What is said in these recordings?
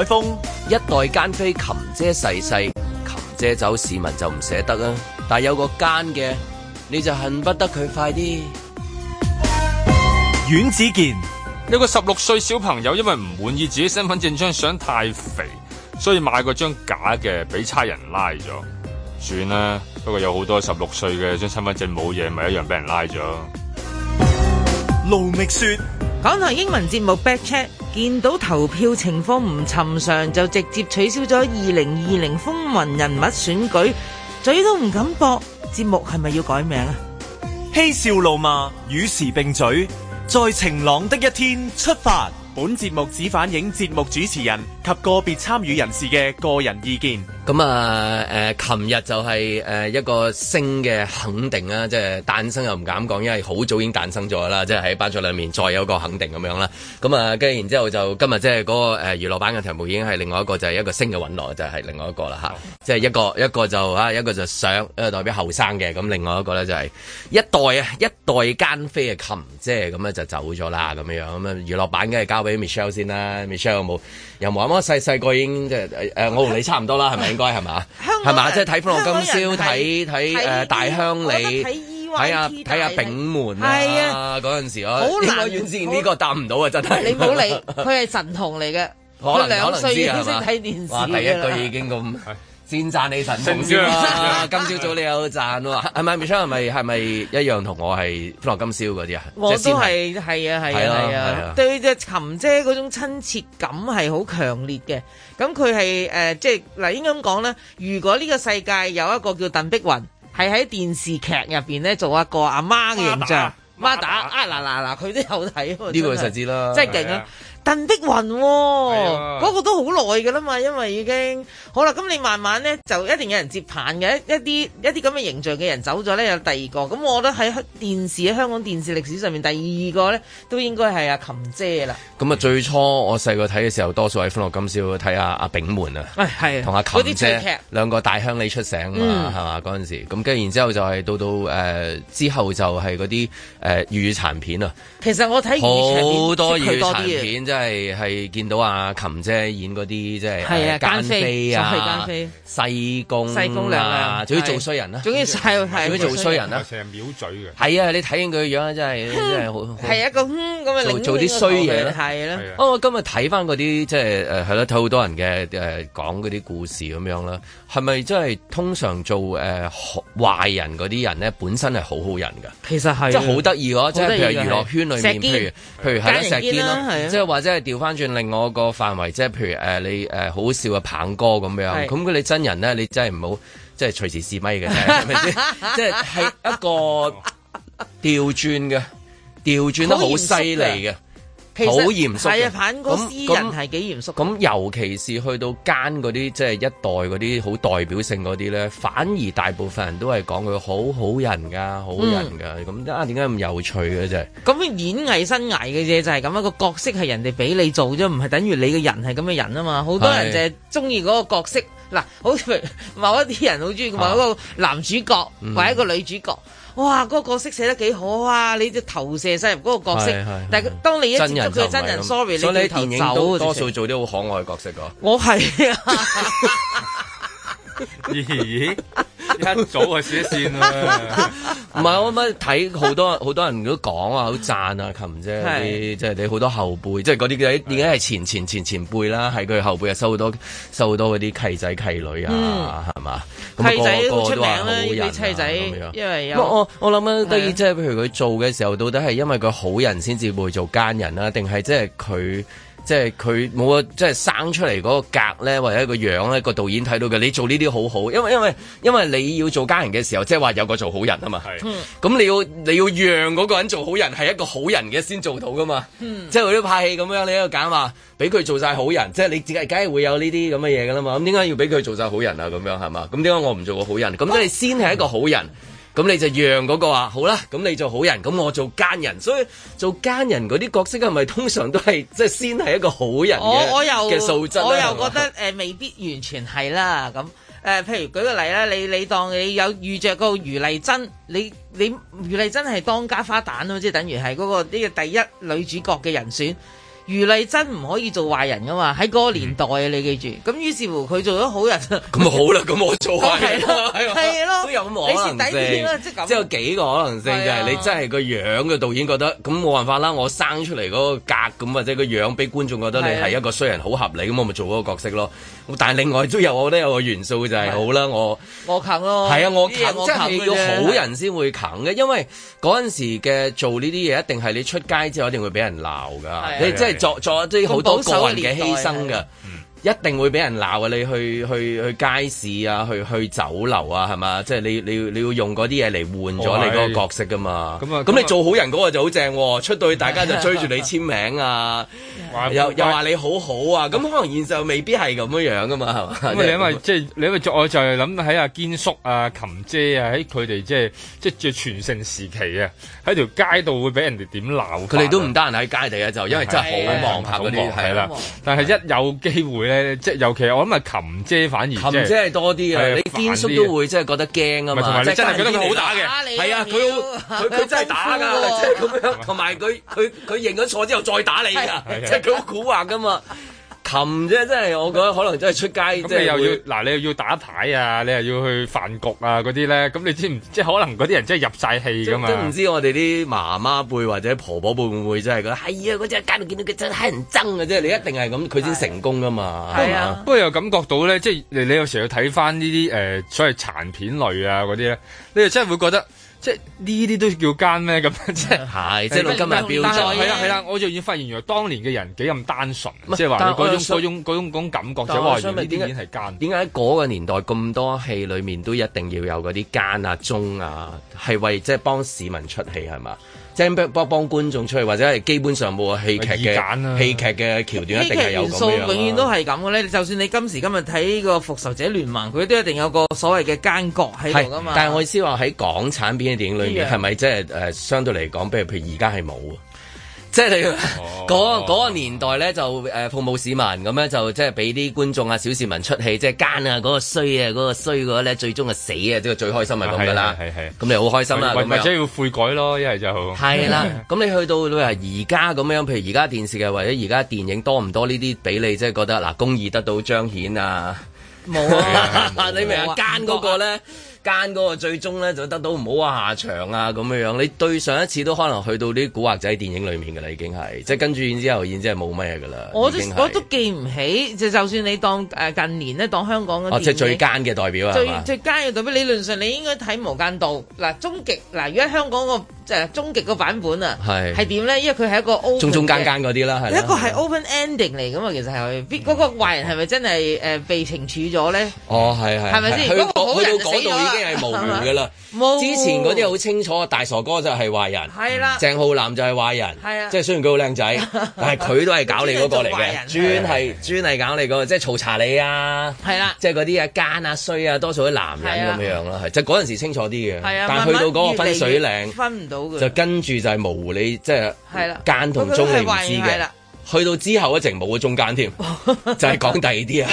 海風一代奸妃琴姐逝世，琴姐走，市民就唔捨得啦。但係有個奸嘅，你就恨不得佢快啲。阮子健有個十六歲小朋友，因為唔滿意自己身份證張相太肥，所以買過張假嘅，俾差人拉咗。算啦，不過有好多十六歲嘅張身份證冇嘢，咪一樣俾人拉咗。盧覓雪：港台英文節目 Backchat。見到投票情況唔尋常，就直接取消咗二零二零風雲人物選舉，嘴都唔敢駁。節目係咪要改名啊？嬉笑怒罵，與時並嘴，在晴朗的一天出發。本節目只反映節目主持人及個別參與人士嘅個人意見。咁啊，誒、嗯，琴日就係誒一個星嘅肯定啦，即、就、係、是、誕生又唔敢講，因為好早已經誕生咗啦，即係喺班桌裏面再有個肯定咁樣啦。咁、嗯、啊，跟住然之後就今日即係嗰個誒娛樂版嘅題目已經係另，、就是、另外一個，啊、就係、是、一個星嘅隕落就係另外一個啦吓，即係一個一個就啊，一個就上，一個代表後生嘅，咁另外一個咧就係一代啊，一代奸妃啊琴，即係咁咧就走咗啦咁樣。咁、嗯、啊，娛樂版梗係交俾 Michelle 先啦 ，Michelle 有冇？有冇啊？我細細個已經即係誒，我同你差唔多啦，係咪？係嘛？香港係嘛？即係睇《歡樂今宵》，睇睇誒大鄉里，睇下睇阿炳門啊！嗰陣時我好難，遠志呢個答唔到啊！真係你唔好理，佢係神童嚟嘅，兩歲已經識睇電視。第一句已經咁先讚你神童。今朝早你有讚喎，係咪？Michelle 係咪，係咪一樣同我係《歡樂今宵》嗰啲啊？我都係係啊係啊係啊！對只琴姐嗰種親切感係好強烈嘅。咁佢係誒，即係嗱，應該咁講咧。如果呢個世界有一個叫鄧碧雲，係喺電視劇入邊咧做一個阿媽嘅形象，媽打，媽打，媽打啊，嗱嗱嗱，佢、啊啊啊、都有睇。呢個實質啦，即係勁啊！的的鄧碧雲嗰個都好耐㗎啦嘛，因為已經好啦，咁你慢慢咧就一定有人接棒嘅，一一啲一啲咁嘅形象嘅人走咗咧，有第二個，咁我覺得喺電視喺香港電視歷史上面第二個咧都應該係阿琴姐啦。咁啊、嗯，嗯、最初我細個睇嘅時候，多數喺歡樂今宵睇阿阿炳門啊，係同阿琴姐兩個大鄉里出城啊，係嘛嗰陣時，咁跟住然後、就係呃、之後就係到到誒之後就係嗰啲誒粵語殘片啊。其實我睇好多粵語殘片。即係係見到阿琴姐演嗰啲即係奸妃啊，西宮娘娘啊，仲要做衰人啦，仲要係做衰人啦，成日秒嘴嘅。係啊，你睇見佢樣真係真係好。係一個哼咁啊，做啲衰嘢咧，係咯。哦，今日睇翻嗰啲即係誒係咯，睇好多人嘅誒講嗰啲故事咁樣啦。係咪真係通常做誒壞人嗰啲人咧，本身係好好人噶？其實係即係好得意咯，即係譬如娛樂圈裏面，譬如譬如係咯石堅，咯，即係或者係調翻轉另外一個範圍，即係譬如誒你誒好笑嘅棒哥咁樣，咁佢你真人咧，你真係唔好即係隨時試咪嘅啫。即係係一個調轉嘅，調轉得好犀利嘅。好嚴肅，係啊！反嗰私人係幾嚴肅。咁尤其是去到奸嗰啲，即、就、係、是、一代嗰啲好代表性嗰啲咧，反而大部分人都係講佢好好人噶，好人噶。咁、嗯、啊，點解咁有趣嘅啫？咁、嗯嗯、演藝生涯嘅啫，就係咁，一個角色係人哋俾你做啫，唔係等於你嘅人係咁嘅人啊嘛。好多人就係中意嗰個角色，嗱是，好似、嗯嗯、某一啲人好中意某一個男主角，或者一個女主角。哇！嗰、那個角色寫得幾好啊！你啲投射曬入嗰個角色，但係當你一接觸佢真人，頭真人，sorry，你電影都是多數做啲好可愛嘅角色個。我係是啊！ 咦？一 早就閃啦！唔係 我乜睇好多好多人都講啊，好讚啊琴姐。即係、就是、你好多後輩，即係嗰啲嘅已經係前前前前輩啦，係佢後輩又收好多收好多嗰啲契仔契女啊，係嘛，嗯？那個、契仔個個都係好人，啊，契仔因為有我我我諗啊，即、就、係、是、譬如佢做嘅時候，到底係因為佢好人先至會做奸人啊？定係即係佢？即係佢冇個即係生出嚟嗰個格咧，或者一個樣咧，個導演睇到嘅。你做呢啲好好，因為因為因為你要做家人嘅時候，即係話有個做好人啊嘛。咁是你要你要讓嗰個人做好人，係一個好人嘅先做到噶嘛。嗯、即係佢都拍戲咁樣，你喺度揀話俾佢做晒好人，即係你自己梗係會有呢啲咁嘅嘢噶啦嘛。咁點解要俾佢做晒好人啊？咁樣係嘛？咁點解我唔做個好人？咁即係你先係一個好人。啊。咁你就讓嗰個啊，好啦，咁你做好人，咁我做奸人，所以做奸人嗰啲角色係咪通常都係即係先係一個好人嘅又素質？我又覺得誒、 呃、未必完全係啦，咁誒、呃，譬如舉個例啦，你你當你有遇着個余麗珍，你你余麗珍係當家花旦咯，即、就、係、是、等於係嗰個呢、這個第一女主角嘅人選。余麗珍唔可以做壞人噶嘛？喺嗰個年代啊，你記住。咁於是乎佢做咗好人。咁好啦，咁我做壞人。係咯，係咯，都有可能性，即係有幾個可能性就係你真係個樣嘅導演覺得咁冇辦法啦，我生出嚟嗰個格咁或者個樣俾觀眾覺得你係一個衰人，好合理咁，我咪做嗰個角色咯。但係另外都有我覺得有個元素就係好啦，我我啃咯，係啊，我啃即係要好人先會啃嘅，因為嗰陣時嘅做呢啲嘢一定係你出街之後一定會俾人鬧噶，你即係。作作咗啲好多個人嘅犧牲噶。 一定會俾人鬧啊！你去去去街市啊，去去酒樓啊，係嘛？即係你你你要用嗰啲嘢嚟換咗你嗰個角色㗎嘛？咁啊！咁你做好人嗰個就好正喎，出到去大家就追住你簽名啊，又又話你好好啊！咁可能現實未必係咁樣樣㗎嘛，係嘛？咁你咪即係你咪作，我就係諗喺阿堅叔啊、琴姐啊，喺佢哋即係即係全盛時期啊，喺條街度會俾人哋點鬧？佢哋都唔得閒喺街地啊，就因為真係好忙拍嗰啲係啦。但係一有機會。誒，即係尤其我諗係琴姐反而、就是，琴姐係多啲嘅、啊。是你堅叔都會真係覺得驚啊嘛，同埋你真係覺得佢好打嘅。係啊，佢好、啊，佢佢、啊、真係打㗎，即係咁樣。同埋佢佢佢認咗錯之後再打你㗎，即係佢好蠱惑㗎嘛。 含啫，即係我覺得可能真係出街，即係又要嗱，你又要打牌啊，你又要去飯局啊嗰啲咧，咁你知唔即係可能嗰啲人真係入晒戲㗎嘛？都唔知我哋啲媽媽輩或者婆婆輩會唔會真係覺得係啊？嗰陣喺街度見到佢真係人憎㗎，即係你一定係咁佢先成功㗎嘛？係啊，吧不過又感覺到咧，即係你你有時要睇翻呢啲誒，所謂殘片類啊嗰啲咧，你又真係會覺得。即係呢啲都叫奸咩？咁樣 即係，係即係今日標準係啦係啦！我就已經發現原來當年嘅人幾咁單純，但即係話嗰種嗰想種嗰種嗰種感覺就話、是：原來呢啲已經係奸，點解點解喺嗰個年代咁多戲裡面都一定要有嗰啲奸啊、忠啊，係為即係幫市民出氣係嘛？幫幫觀眾出去，或者係基本上冇戲劇嘅、啊、戲劇嘅橋段，一定係有講嘅、啊。戲劇元素永遠都係咁嘅咧。就算你今時今日睇個復仇者聯盟，佢都一定有個所謂嘅奸角喺度㗎嘛。但係我意思話喺港產片嘅電影裏面，係咪即係誒相對嚟講，譬如譬如而家係冇啊？即係你嗰、oh. 個,個年代咧，就誒、呃、服務市民咁咧，就,就即係俾啲觀眾啊、小市民出氣，即係奸啊、嗰、那個衰啊、嗰、那個衰嗰咧，最終係死啊，即係最開心係咁噶啦。係係咁你好開心啦。或者,就或者要悔改咯，一係就係啦。咁你去到你話而家咁樣，譬如而家電視嘅，或者而家電影多唔多呢啲俾你即係覺得嗱，公義得到彰顯啊？冇啊，你明啊？奸嗰個咧？ 啊奸嗰個最終咧就得到唔好嘅下場啊，咁樣樣，你對上一次都可能去到啲古惑仔電影裏面㗎啦，已經係即係跟住然之後，然之係冇乜嘢㗎啦。我都我都記唔起，就就算你當誒近年咧當香港嘅，哦即係最奸嘅代表啊！最最奸嘅代表，理最嗎論上你應該睇《無間道》嗱，終極嗱而家香港個。就係終極個版本啊，係係點咧？因為佢係一個中中間間嗰啲啦，係一個係 open ending 嚟㗎嘛。其實係，嗰個壞人係咪真係誒被懲處咗咧？哦，係係係咪先？到嗰度已經係模糊㗎啦。之前嗰啲好清楚，大傻哥就係壞人，係啦，鄭浩南就係壞人，係啊，即係雖然佢好靚仔，但係佢都係搞你嗰個嚟嘅，專係專係搞你嗰個，即係嘈查你啊，係啦，即係嗰啲啊奸啊衰啊，多數啲男人咁樣樣啦，係就嗰陣時清楚啲嘅，但係去到嗰個分水嶺，分唔到。就跟住就係模糊你，你即係間了同中你唔知嘅。去到之後一直冇咗中間添，就係講第二啲啊，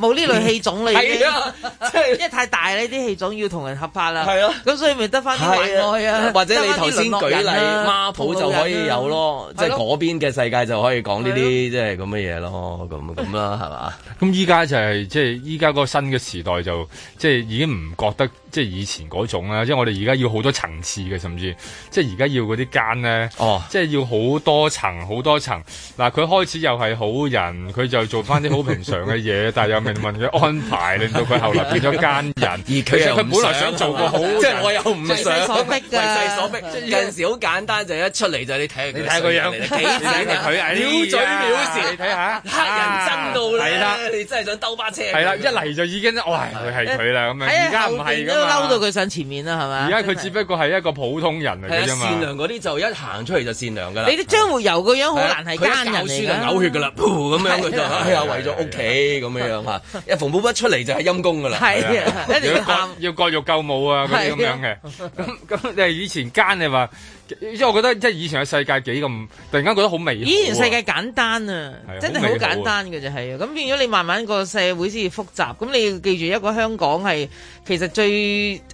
冇呢類氣種嚟係啊，即係因為太大呢啲氣種要同人合拍啦，係咯，咁所以咪得翻啲外啊，或者你頭先舉例馬普就可以有咯，即係嗰邊嘅世界就可以講呢啲即係咁嘅嘢咯，咁咁啦，係嘛？咁依家就係即係依家嗰個新嘅時代就即係已經唔覺得即係以前嗰種啦，即係我哋而家要好多層次嘅，甚至即係而家要嗰啲間咧，哦，即係要好多層好多層。嗱，佢開始又係好人，佢就做翻啲好平常嘅嘢，但係有命運嘅安排令到佢後嚟變咗奸人。佢佢本來想做個好，即係我又唔想。所逼，為勢所逼，有陣時好簡單，就一出嚟就你睇佢。你睇佢樣，你睇佢，藐嘴藐舌，你睇下，乞人憎到啦！你真係想兜巴車。係啦，一嚟就已經，喂，佢係佢啦咁啊，而家唔係㗎嘛。嬲到佢上前面啦，係咪？而家佢只不過係一個普通人嚟嘅啫嘛。善良嗰啲就一行出嚟就善良㗎啦。你啲張活游個樣好難係奸。有血就嘔血噶啦，噗，咁樣佢就，哎呀為咗屋企咁樣，樣吓，一縫補不出嚟就係陰功噶啦，一定要監要割肉救母啊，咁樣嘅，咁咁即係以前奸你話，即係我覺得即係以前嘅世界幾咁，突然間覺得好微。以前世界簡單啊，真係好簡單嘅，就係咁變咗你慢慢個社會先至複雜，咁你要記住一個香港係其實最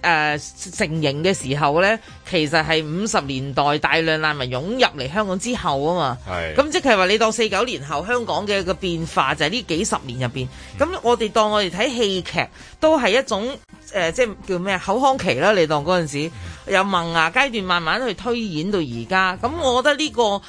誒成型嘅時候咧，其實係五十年代大量難民湧入嚟香港之後啊嘛，咁即係話。你當四九年後香港嘅個變化就係呢幾十年入邊，咁我哋當我哋睇戲劇都係一種誒、呃，即係叫咩口腔期啦。你當嗰陣時由萌芽階段，慢慢去推演到而家，咁我覺得呢、這個。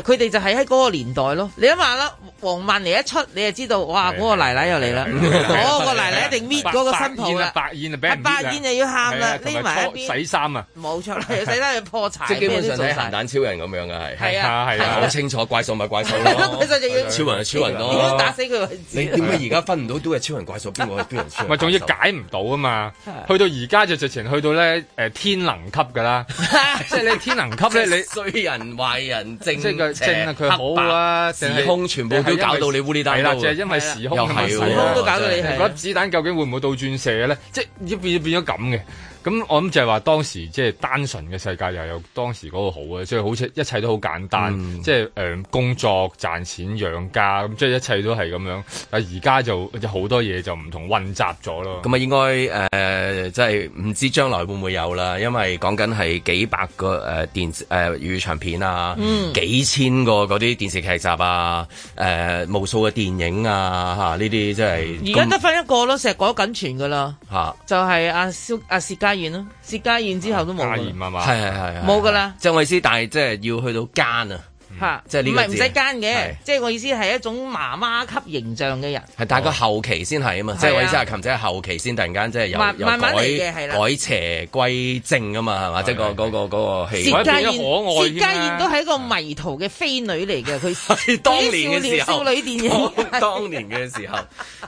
佢哋就係喺嗰個年代咯。你諗下啦，黃曼梨一出，你就知道，哇！嗰個奶奶又嚟啦，嗰個奶奶一定搣嗰個新抱噶。白燕就俾人搣，白燕就要喊啦。匿埋，洗衫啊？冇錯啦，洗衫要破柴。即基本上係核彈超人咁樣噶係。係啊係啊，好清楚怪獸咪怪獸咯。超人就超人咯。點打死佢？你點解而家分唔到都係超人怪獸邊個邊人超？咪仲要解唔到啊嘛？去到而家就直情去到咧誒天能級噶啦，即係你天能級咧你。衰人壞人正。正啊，佢好啦。時空全部都搞到你烏哩達，就係因為時空嘅問題，時空都搞到你係。是啊、覺得子彈究竟會唔會倒轉射咧？即係一變就變咗咁嘅。咁我諗就係話當時即係單純嘅世界又有當時嗰個好啊，即係好似一切都好簡單，嗯、即係誒工作賺錢養家咁，即係一切都係咁樣。但而家就好多嘢就唔同混雜咗咯。咁啊、嗯，應該誒即係唔知將來會唔會有啦，因為講緊係幾百個誒電誒粵語長片啊，幾千個嗰啲電視劇集、呃、啊，誒無數嘅電影啊嚇呢啲即係而家得翻一個咯，成日講緊全噶啦嚇，嗯、就係阿蕭阿加完咯，卸加完之後都冇延。係係係，冇噶啦。張律師，但係即係要去到奸啊。係，即係唔係唔使奸嘅，即係我意思係一種媽媽級形象嘅人。係，但係佢後期先係啊嘛，即係我意思係琴仔後期先突然間即係有慢慢嚟嘅改改邪歸正啊嘛，係嘛？即係個嗰個嗰個戲。薛家燕薛家燕都係一個迷途嘅飛女嚟嘅，佢幾少女電影，當年嘅時候，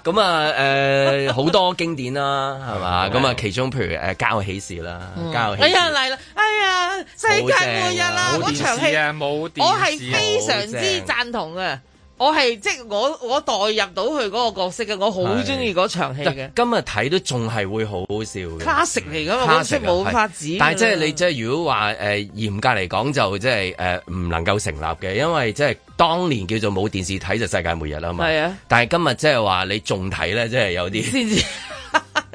咁啊誒好多經典啦，係嘛？咁啊其中譬如誒《家有喜事》啦，《家有喜事》哎呀嚟啦，哎呀世界末日啦，嗰場戲冇，非常之贊同啊！我係即係我我代入到佢嗰個角色嘅，我好中意嗰場戲。今日睇都仲係會好好笑嘅，Classic 嚟噶嘛，Classic 冇法子。但係即係你即係如果話誒嚴格嚟講就即係誒唔能夠成立嘅，因為即係當年叫做冇電視睇就世界末日啦嘛。係啊的。但係今日即係話你仲睇咧，即係有啲。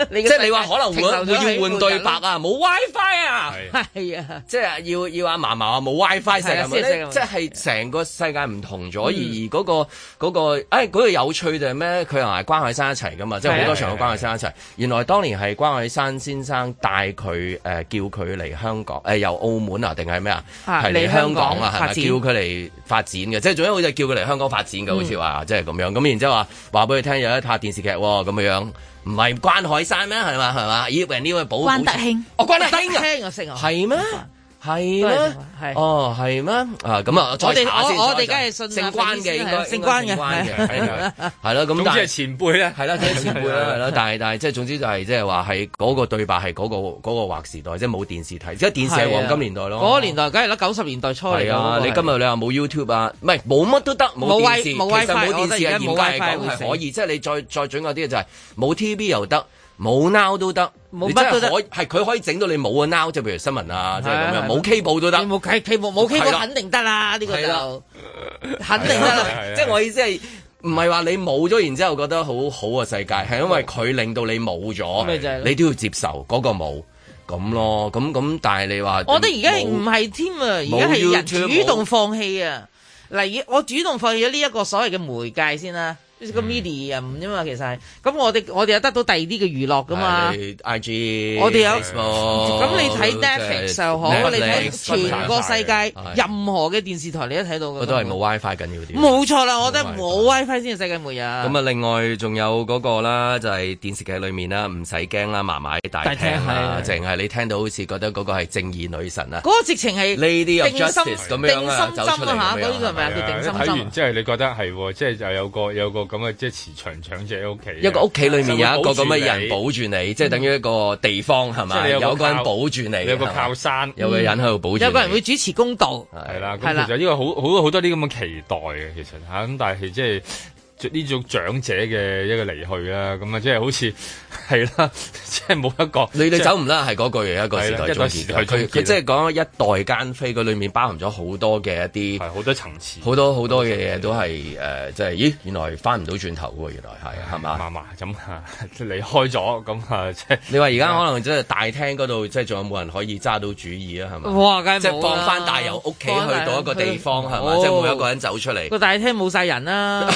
即係你話可能換要換對白啊，冇 WiFi 啊，係啊，即係要要阿嫲嫲話冇 WiFi 成日，即係成個世界唔同咗。而嗰個嗰個，哎嗰個有趣就係咩？佢又係關海山一齊㗎嘛，即係好多場都關海山一齊。原來當年係關海山先生帶佢誒叫佢嚟香港誒由澳門啊定係咩啊？係嚟香港啊，叫佢嚟發展嘅，即係總之好似叫佢嚟香港發展嘅，好似話即係咁樣。咁然之後話話俾佢聽有一拍電視劇喎咁樣。唔係關海山咩？係嘛係嘛？咦問呢位保關德興哦關德興啊識啊，係咩 嗎？ 係咩？哦，係咩？啊，咁啊，我哋我哋梗係信姓關嘅，應該姓關嘅，係咯。總之即係前輩啦，係啦，即係前輩啦，係啦。但係但係即係總之就係即係話係嗰個對白係嗰個嗰個畫時代，即係冇電視睇，即係電視係黃金年代咯。嗰年代梗係啦，九十年代初嚟。係啊，你今日你話冇 YouTube 啊，唔係冇乜都得，冇電視，其實冇電視係現階段係可以。即係你再再準確啲就係冇 TV 又得。冇 now 都得，冇真係可係佢可以整到你冇啊 now，就譬如新聞啊，即係咁樣冇 cable 都得，冇 cable 冇 cable 肯定得啦，呢個就肯定得啦。即係我意思係唔係話你冇咗，然之後覺得好好嘅世界，係因為佢令到你冇咗，你都要接受嗰個冇咁咯。咁咁，但係你話我覺得而家唔係添啊，而家係人主動放棄啊。嗱，我主動放棄咗呢一個所謂嘅媒介先啦。個 media 啊，唔啫嘛，其實係咁，我哋我哋有得到第二啲嘅娛樂噶嘛。I G 我哋有咁你睇 Netflix 就可，你睇全個世界任何嘅電視台，你都睇到嘅。都係冇 WiFi 緊要啲。冇錯啦，我覺得冇 WiFi 先係世界末日。咁啊，另外仲有嗰個啦，就係電視劇裏面啦，唔使驚啦，麻麻喺大廳啦，淨係你聽到好似覺得嗰個係正義女神啊。嗰個直情係你啲有 justice 啊，走出嚟嗰啲係咪啊？叫定心針。即係你覺得係，即係就有個有個。咁啊，即係慈祥，長者喺屋企，一個屋企裏面有一個咁嘅人保住你，即係等於一個地方係咪？有個人保住你，嗯、個你有個靠山，吧嗯、有個人喺度保住你，住有個人會主持公道，係、嗯、啦，係啦，就因為好好好多啲咁嘅期待嘅，其實嚇咁，但係即係。 呢種長者嘅一個離去啦，咁啊，即係好似係啦，即係冇一個你哋走唔甩係嗰句嘢，一個時代，一代時代佢即係講一代間飛，佢裏面包含咗好多嘅一啲好多層次，好多好多嘅嘢都係誒，即係咦，原來翻唔到轉頭喎，原來係係嘛咁啊，咁離開咗咁啊，即係你話而家可能即係大廳嗰度，即係仲有冇人可以揸到主意啊？係咪？哇，即係放翻大由屋企去到一個地方係嘛，即係冇一個人走出嚟個大廳冇晒人啦。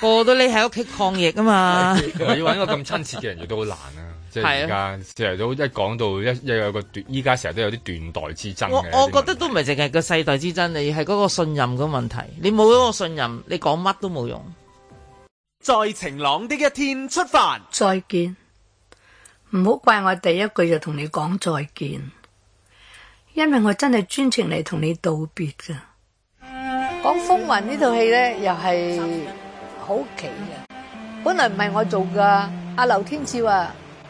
過到你喺屋企抗疫是啊嘛，要搵個咁親切嘅人，亦都好難啊。即係而家成日都一講到一，一有個依家成日都有啲斷代之爭。我我覺得都唔係淨係個世代之爭，你係嗰個信任嘅問題。你冇咗個信任，你講乜都冇用。 在晴朗的一天出發，再見，唔好怪我第一句就同你講再見，因為我真係專程嚟同你道別噶。講風雲呢套戲咧，又係。好奇嘅，本來唔係我做噶。阿劉天賜啊，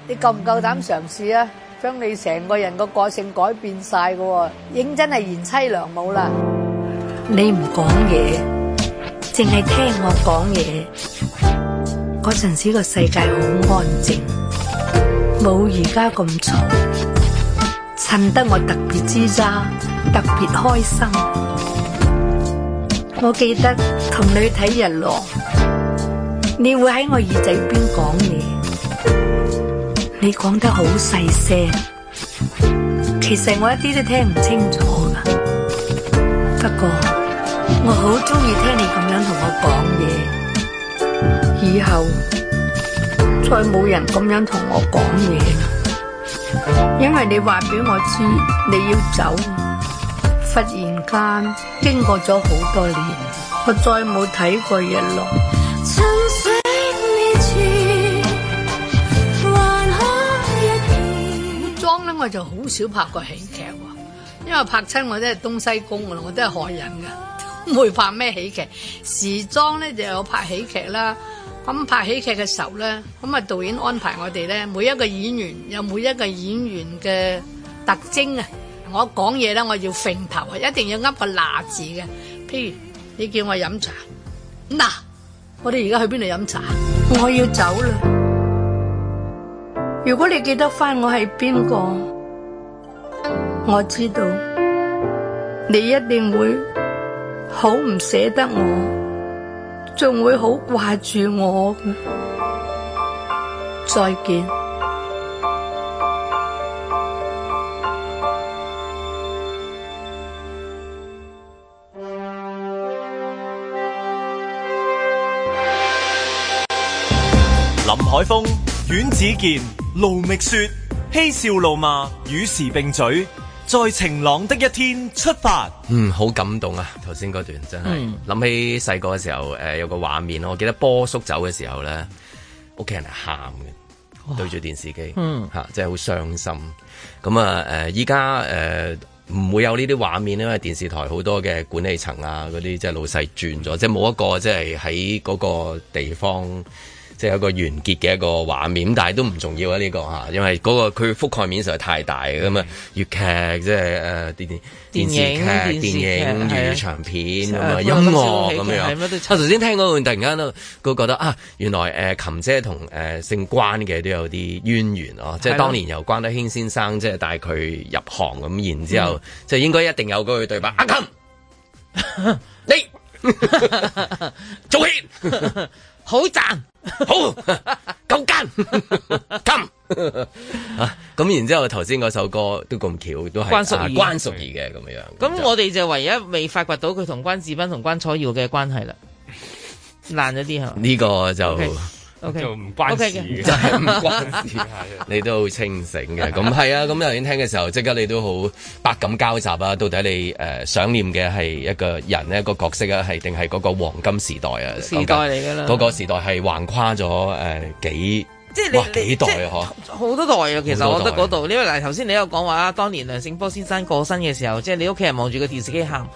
你夠唔夠膽嘗試啊？將你成個人個個性改變晒噶，認真係賢妻良母啦。你唔講嘢，淨係聽我講嘢。嗰陣時個世界好安靜，冇而家咁嘈，襯得我特別之渣，特別開心。我記得同你睇日落，你會喺我耳仔邊講嘢，你講得好細聲，其實我一啲都聽唔清楚噶。不過我好中意聽你咁樣同我講嘢，以後再冇人咁樣同我講嘢啦，因為你話俾我知你要走，忽然。間經過咗好多年，我再冇睇過日落。古裝咧，我就好少拍過喜劇喎，因為拍親我都係東西公噶啦，我都係害人噶，唔會拍咩喜劇。時裝咧就有拍喜劇啦，咁拍喜劇嘅時候咧，咁啊導演安排我哋咧，每一個演員有每一個演員嘅特徵啊。我講嘢咧，我要揈頭，一定要噏個嗱字嘅。譬如你叫我飲茶，嗱，我哋而家去邊度飲茶？我要走啦。如果你記得翻我係邊個，我知道你一定會好唔捨得我，仲會好掛住我嘅。再見。林海峰、阮子健、盧覓雪，嬉笑怒罵，與時並嘴，在晴朗的一天出發。嗯，好感動啊！頭先嗰段真係諗、嗯、起細個嘅時候，誒、呃，有個畫面我記得波叔走嘅時候咧，屋企人係喊嘅，對住電視機，吓哇，即係好傷心。咁啊、嗯，誒、嗯，依家誒唔會有呢啲畫面，因為電視台好多嘅管理層啊，嗰啲即係老細轉咗，即係冇一個即係喺嗰個地方。即係有個完結嘅一個畫面，但係都唔重要啊！呢個嚇，因為嗰個佢覆蓋面實在太大咁啊！粵劇即係誒啲啲電視劇、電影、粵語長片同埋音樂咁樣樣。啊，頭先聽嗰個突然間都覺得啊，原來誒琴姐同誒姓關嘅都有啲淵源咯。即係當年由關德興先生即係帶佢入行咁，然之後即係應該一定有嗰句對白：阿琴，你做戲好讚。 好，夠金咁，啊！咁然之後頭先嗰首歌都咁巧，都係關淑儀嘅咁樣。咁那麼 就我哋就唯一未發掘到佢同關志斌同關楚耀嘅關係啦，爛咗啲係嘛？呢個就。Okay. O Okay . K 就唔關事嘅，真係唔關事。 你都好清醒嘅咁，係 啊。咁頭先聽嘅時候，即刻你都好百感交集啊。到底你誒、呃、想念嘅係一個人一個角色啊，係定係嗰個黃金時代啊？時代嚟㗎啦，嗰個時代係橫跨咗誒幾即係你幾代啊？嚇好多代啊！其實我覺得嗰度，呢位嗱頭先你有講話啊，當年梁醒波先生過身嘅時候，即係你屋企人望住個電視機喊，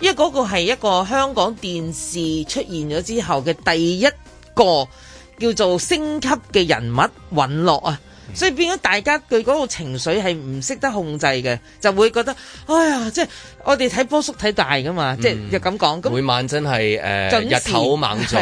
因為嗰個係一個香港電視出現咗之後嘅第一個。叫做升級嘅人物隕落啊，所以變咗大家對嗰個情緒係唔識得控制嘅，就會覺得，哎呀，即係我哋睇波叔睇大㗎嘛，即係又咁講，每晚真係誒、呃、時日頭猛做。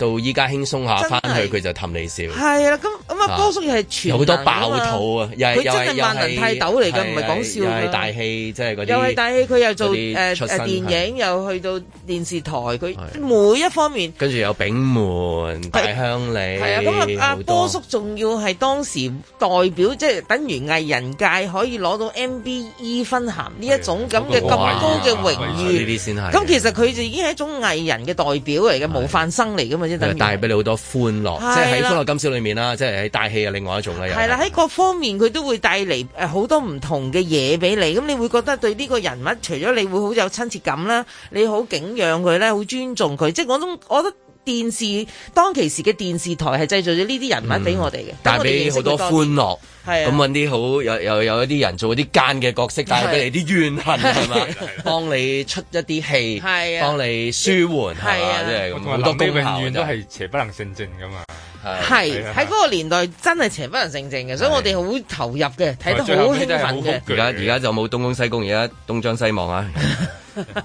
到依家輕鬆下，翻去佢就氹你笑。係啊，咁咁啊，波叔又係全能好多爆肚啊，又係又係萬能泰斗嚟嘅，唔係講笑。又係大戲，即係嗰啲，又係大戲。佢又做誒誒電影，又去到電視台。佢每一方面，跟住有炳門、大鄉里。係啊，咁啊阿波叔仲要係當時代表，即係等於藝人界可以攞到 MBE 勳銜呢一種咁嘅咁高嘅榮譽。咁，其實佢就已經係一種藝人嘅代表嚟嘅，模範生嚟嘅嘛。帶俾你好多歡樂，的即係喺歡樂今宵裏面啦，的即係喺大戲又另外一種啦。係啦，喺各方面佢都會帶嚟誒好多唔同嘅嘢俾你，咁你會覺得對呢個人物除咗你會好有親切感啦，你好景仰佢咧，好尊重佢，即係我。我覺得電視當其時嘅電視台係製造咗呢啲人物俾我哋嘅，帶俾好多歡樂。係咁揾啲好有有有一啲人做啲奸嘅角色，帶俾你啲怨恨係嘛？幫你出一啲氣，幫你舒緩，係啊，即係咁好多功效，永遠都係邪不能勝正㗎嘛。係喺嗰個年代真係邪不能勝正嘅，所以我哋好投入嘅，睇得好有份嘅。而家而家就冇東宮西宮，而家東張西望啊！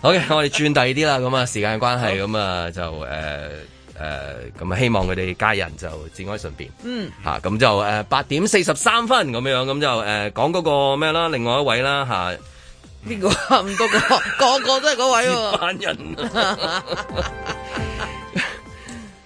好嘅，我哋轉第二啲啦，咁啊時間關係，咁啊就誒。誒，咁啊、呃，希望佢哋家人就節哀順變。嗯，吓咁、啊、就誒八點四十三分咁樣，咁就誒講嗰個咩啦，另外一位啦吓，邊、啊那個唔個個個都係嗰位喎，班人，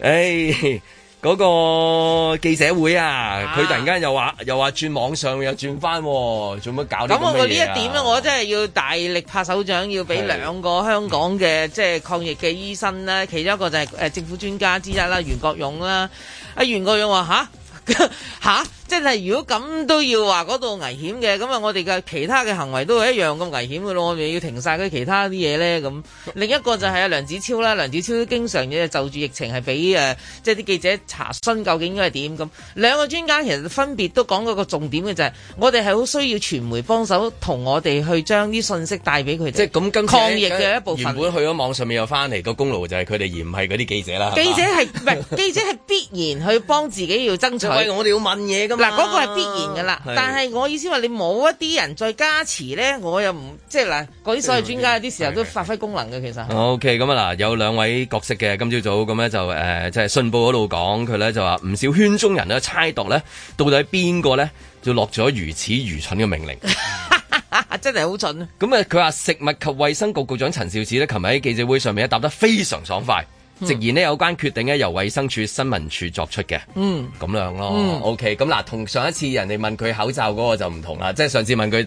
哎。嗰個記者會啊，佢突然間又話又話轉網上又轉翻，做乜搞啲咁嘅嘢啊？啊，咁我呢一點咧，我真係要大力拍手掌，要俾兩個香港嘅即係抗疫嘅醫生啦、啊，其中一個就係誒政府專家之一啦、啊 啊哎，袁國勇啦，阿袁國勇話吓！」嚇、 啊！即係如果咁都要話嗰度危險嘅，咁啊我哋嘅其他嘅行為都係一樣咁危險嘅咯，我哋要停晒嘅其他啲嘢呢。咁另一個就係阿梁子超啦，梁子超都經常就住疫情係俾誒，即係啲記者查詢究竟應該係點咁。兩個專家其實分別都講嗰個重點嘅就係、是，我哋係好需要傳媒幫手同我哋去將啲信息帶俾佢哋，即係抗疫嘅一部分。原本去咗網上面又翻嚟，個功勞就係佢哋而唔係嗰啲記者啦。 記者係唔係記者係必然去幫自己要爭取？ 我哋要問嘢噶嗱，嗰、那個係必然嘅啦。是但係我意思話，你冇一啲人再加持咧，我又唔即係嗱，嗰啲所謂專家有啲時候都發揮功能嘅。是是嗯、其實 O K，咁啊嗱，有兩位角色嘅今朝早咁咧就誒、呃，即係信報嗰度講佢咧就話唔少圈中人啊猜度咧，到底邊個咧就落咗如此愚蠢嘅命令， 真係好蠢。咁啊、嗯，佢話食物及衛生局局長陳肇始咧，琴日喺記者會上面答得非常爽快。直言呢有關決定呢由衛生署新聞處作出嘅。嗯，咁樣咯。O K，咁嗱，同上一次人哋問佢口罩嗰個就唔同啦，即係上次問佢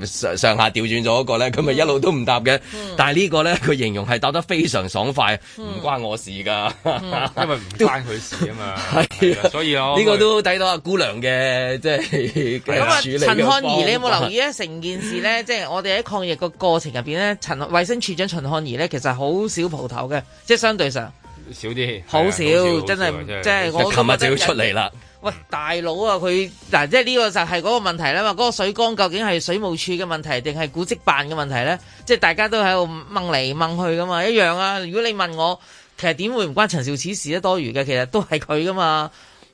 誒上下調轉咗嗰個咧，咁咪一路都唔答嘅。但係呢個咧，佢形容係答得非常爽快，唔關我事㗎，因為唔關佢事啊嘛。係，所以呢個都抵到阿姑娘嘅，即係處理。陳漢儀，你有冇留意咧？成件事咧，即係我哋喺抗疫個過程入邊咧，陳衛生署長陳漢儀咧，其實好少蒲頭嘅，即係相對上。少啲，好少，真係，即係我琴日就要出嚟啦。喂，大佬啊，佢嗱，即係呢個就係嗰個問題啦嘛。嗰個水缸究竟係水務署嘅問題，定係古跡辦嘅問題咧？即係大家都喺度掹嚟掹去噶嘛，一樣啊。如果你問我，其實點會唔關陳肇始事咧？多餘嘅，其實都係佢噶嘛。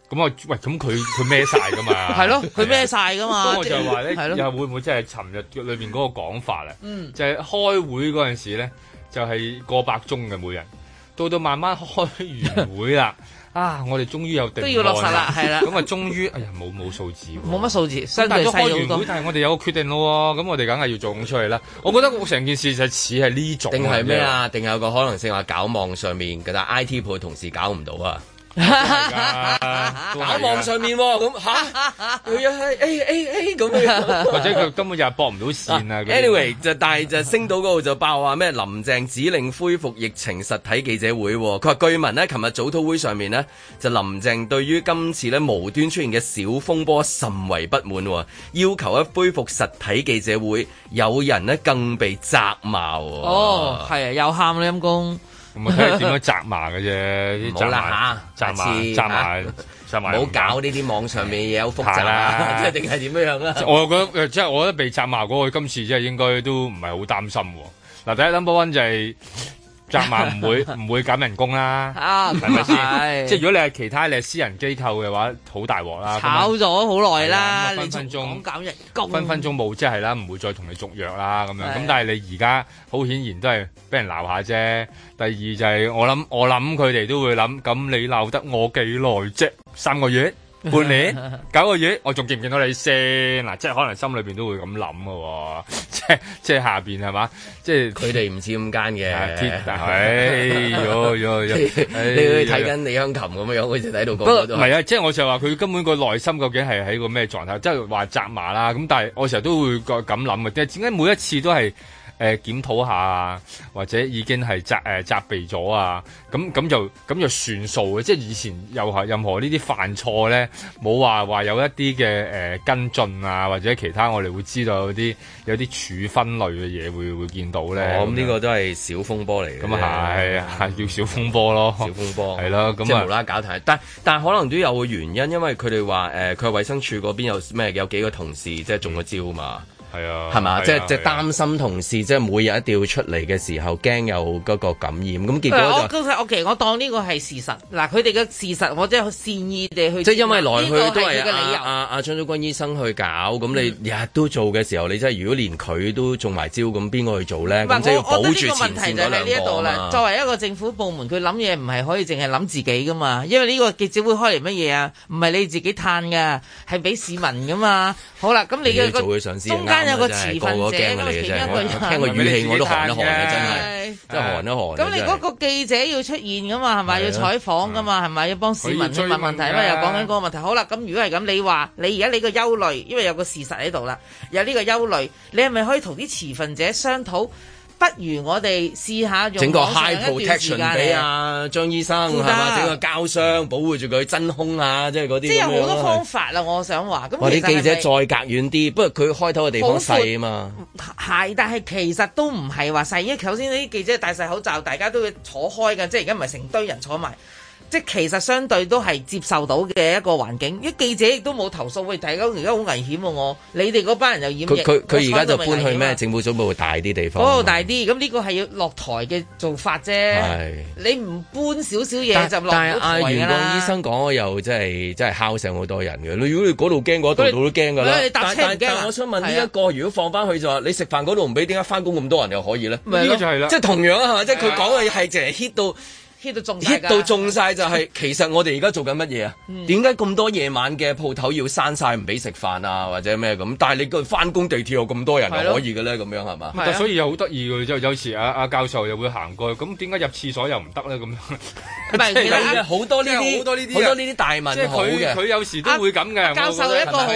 咁啊，喂，咁佢佢孭晒噶嘛？係咯，佢孭晒噶嘛？我就話咧，又會唔會即係尋日裏邊嗰個講法啊？嗯，就係開會嗰陣時咧，就係過百宗嘅每日。到到慢慢開完會啦， 啊！我哋終於有定都要落實啦，係啦。咁啊，終於哎呀，冇冇數字喎，冇乜數字。但係都開完會， 但係我哋有個決定咯喎，咁我哋梗係要做咁出嚟啦。我覺得成件事就似係呢種，定係咩啊？定有個可能性話、啊、搞網上面，但係 I T 部同事搞唔到啊。係噶，打網上面喎，咁嚇，佢一係 A A A 咁樣，或者佢根本就係搏唔到線啊。 Anyway， 就但係就 星島嗰度就爆話咩林鄭指令恢復疫情實體記者會。哦，佢話據聞呢，琴日早禱會上面呢，就林鄭對於今次呢無端出現嘅小風波甚為不滿，哦，要求咧恢復實體記者會，有人呢更被責罵。哦，係啊，哦，又喊啦陰公。唔係點樣責罵嘅啫，啲責罵，責罵，責罵，唔好搞呢啲網上面嘢好複雜啊！即係定係點樣樣啊？我覺得誒，即係我覺得被責罵嗰個今次即係應該都唔係好擔心喎。嗱，第一 number one 就係。夾埋唔會唔 會減人工啦，係咪先？吧 即係如果你係其他你係私人機構嘅話，好大鑊啦。炒咗好耐啦， 分分鐘冇即係啦，唔會再同你續約啦咁樣。咁 但係你而家好顯然都係俾人鬧下啫。第二就係、是、我諗我諗佢哋都會諗，咁你鬧得我幾耐啫？三個月？半年九個月，我仲見唔見到你先？嗱，即係可能心裏邊都會咁諗嘅喎，即係即係下邊係嘛？即係佢哋唔似咁奸嘅，係喲喲喲，你去睇緊李香琴咁樣，我就睇到嗰個都唔係啊！即係我就話佢根本個內心究竟係喺個咩狀態？即係話責罵啦，咁但係我成日都會個咁諗嘅，即係點解每一次都係？誒檢討下啊，或者已經係責誒責備咗啊，咁咁就咁就算數嘅，即係以前又係任何呢啲犯錯咧，冇話話有一啲嘅誒跟進啊，或者其他我哋會知道有啲有啲處分類嘅嘢會會見到咧。哦，呢個都係小風波嚟嘅，咁啊係係叫小風波咯，小風波係咯，即係無啦搞嘢。但但可能都有個原因，因為佢哋話誒，佢喺衛生署嗰邊有咩有幾個同事即係中咗招嘛。係啊，係嘛，即係即係擔心同事，即係每日一定要出嚟嘅時候，驚有嗰個感染，咁結果就我其我當呢個係事實，嗱，佢哋嘅事實，我即係善意地去，即係因為來去都係理由啊，阿阿張竹君醫生去搞，咁你日都做嘅時候，你真係如果連佢都中埋招，咁邊個去做咧？即要保住前線嘅兩個。作為一個政府部門，佢諗嘢唔係可以淨係諗自己噶嘛，因為呢個記者會開嚟乜嘢啊？唔係你自己嘆噶，係俾市民噶嘛。好啦，咁你嘅個中間。有個持份者，其中一個人，聽個語氣我都寒一寒嘅，真係真係寒一寒。咁你嗰個記者要出現㗎嘛？係咪要採訪㗎嘛？係咪要幫市民出問問題？因為又講緊嗰個問題。好啦，咁如果係咁，你話你而家你個憂慮，因為有個事實喺度啦，有呢個憂慮，你係咪可以同啲持份者商討？不如我哋試下做整個 high protection 俾阿、啊、張醫生係嘛？整的個膠箱保護住佢真空啊，即係嗰啲咁樣咯。即係有好多方法啦，我想話。咁我哋啲記者再隔遠啲，不過佢開頭嘅地方細啊嘛。係，但係其實都唔係話細，因為頭先啲記者戴晒口罩，大家都會坐開㗎，即係而家唔係成堆人坐埋。即係其實相對都係接受到嘅一個環境，啲記者亦都冇投訴。喂，大家而家好危險喎！我你哋嗰班人又染疫。佢佢佢而家就搬去咩？政府總部會大啲地方。嗰度大啲，咁呢個係要落台嘅做法啫。你唔搬少少嘢就落台。但係阿袁國醫生講又真係真係敲醒好多人嘅。如果你嗰度驚，嗰度都驚㗎啦。你搭車。但但但我想問呢一個，如果放翻去就話你食飯嗰度唔俾，點解翻工咁多人又可以咧？呢個就係即係同樣係嘛？即係佢講嘅係淨係 hit 到。到中 h 到中曬就係其實我哋而家做緊乜嘢啊？點解咁多夜晚嘅鋪頭要閂晒唔俾食飯啊？或者咩咁？但係你個翻工地鐵有咁多人係可以嘅咧？咁樣係嘛？所以又好得意嘅，即有時阿阿教授又會行過去，咁點解入廁所又唔得咧？咁但好多呢啲好多呢啲好多呢啲大問題嘅。佢佢有時都會咁嘅。教授一個好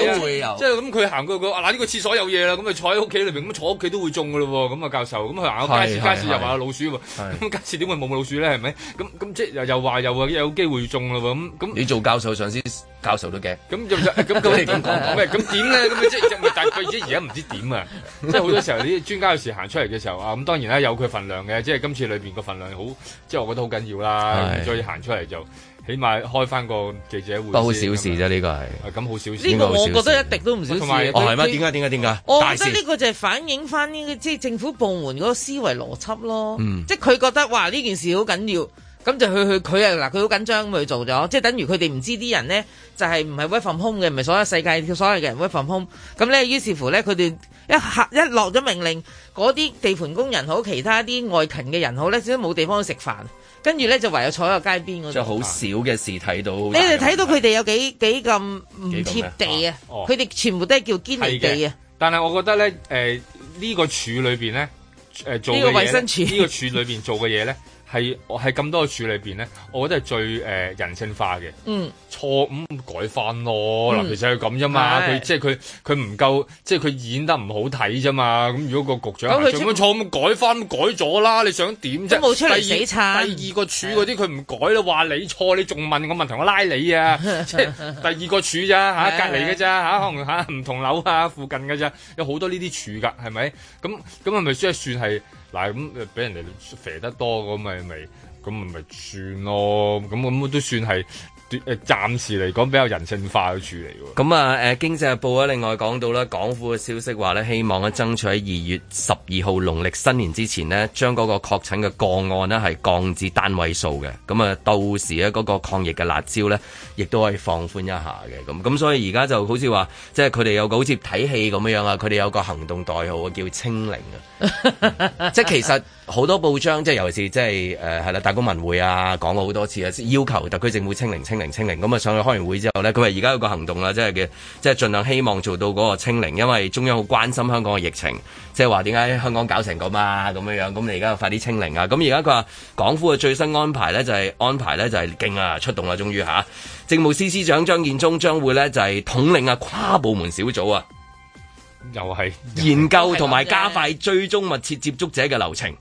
即係咁，佢行過個嗱呢個廁所有嘢啦，咁啊坐喺屋企裏面，咁坐喺屋企都會中嘅咯喎。咁啊教授咁佢行個街市，街市又話老鼠喎。咁街市點會冇老鼠咧？係咪？咁咁即係又又話又話有機會中咯，咁咁，你做教授上司，教授都驚。咁咁咁你咁講講咩？咁點咧？咁即係，但係佢而家唔知點啊！即係好多時候啲專家有時行出嚟嘅時候啊，咁當然啦，有佢份量嘅，即係今次裏邊個份量好，即係我覺得好緊要啦。再行是出嚟就。起碼開翻個記者會，都好小事啫、啊。呢個係，咁好、啊、小事。呢個我覺得一滴都唔小事。有哦係咩？點解點解點解？他我覺得呢個就係反映翻呢、這個即係、就是、政府部門嗰個思維邏輯咯。嗯、即係佢覺得哇呢件事好緊要，咁就去去佢啊嗱佢好緊張去做咗，即係等於佢哋唔知啲人呢就係唔係 work from home 嘅，唔係所有世界所有嘅人 work from home。咁咧於是乎呢，佢哋一,一下一下落咗命令，嗰啲地盤工人好，其他啲外勤嘅人好咧，就冇地方食飯。跟住咧就唯有坐喺個街邊嗰度，就好少嘅事睇到。你哋睇到佢哋有幾幾咁唔貼地啊？佢哋、啊哦、全部都係叫堅離地啊！但係我覺得咧，誒、呃、呢、呢個署裏邊咧，誒、呃、做呢個衞生署呢個署裏邊做嘅嘢咧。 係係咁多個處裏邊咧，我覺得係最誒、呃、人性化嘅、嗯。嗯，錯誤改翻咯，嗱、嗯，其實係咁啫嘛。佢即係佢佢唔夠，即係佢演得唔好睇啫嘛。咁如果個局長咁佢他最不 錯誤改翻、嗯，改咗啦，你想點啫？都冇出嚟死撐第二第個處嗰啲佢唔改咧，話你錯，你仲問我，我問題我拉你啊？即係第二個處啫嚇，隔離嘅啫嚇，可能嚇唔同樓啊附近嘅咋，有好多呢啲處㗎，係咪？咁咁係咪先係算係？嗱咁，俾人哋肥得多咁咪咪，咁咪咪算咯，咁咁都算係。誒暫時嚟講比較人性化嘅處理喎。咁啊，誒經濟日報啊，另外講到咧，港府嘅消息話咧，希望咧爭取喺二月十二號農曆新年之前咧，將嗰個確診嘅個案咧係降至單位數嘅。咁啊，到時咧嗰個抗疫嘅辣椒呢，亦都可以放寬一下嘅。咁咁所以而家就好似話，即係佢哋有個好似睇戲咁樣樣啊，佢哋有個行動代號叫清零啊、 嗯。即係其實好多報章，即係尤其是即係誒係啦，大公文匯啊，講過好多次啊，要求特區政府清零清零。清零咁啊，上去開完會之後呢，佢話而家有個行動啦，即係嘅，即係盡量希望做到嗰個清零，因為中央好關心香港嘅疫情，即係話點解香港搞成咁啊？咁樣樣，咁你而家快啲清零啊！咁而家佢話港府嘅最新安排呢，就是，就係安排呢，啊，就係勁啊出動啦，終於吓，政務司司長張建宗將會呢，就係統領啊跨部門小組啊，又係是研究同埋加快追蹤密切接觸者嘅流程。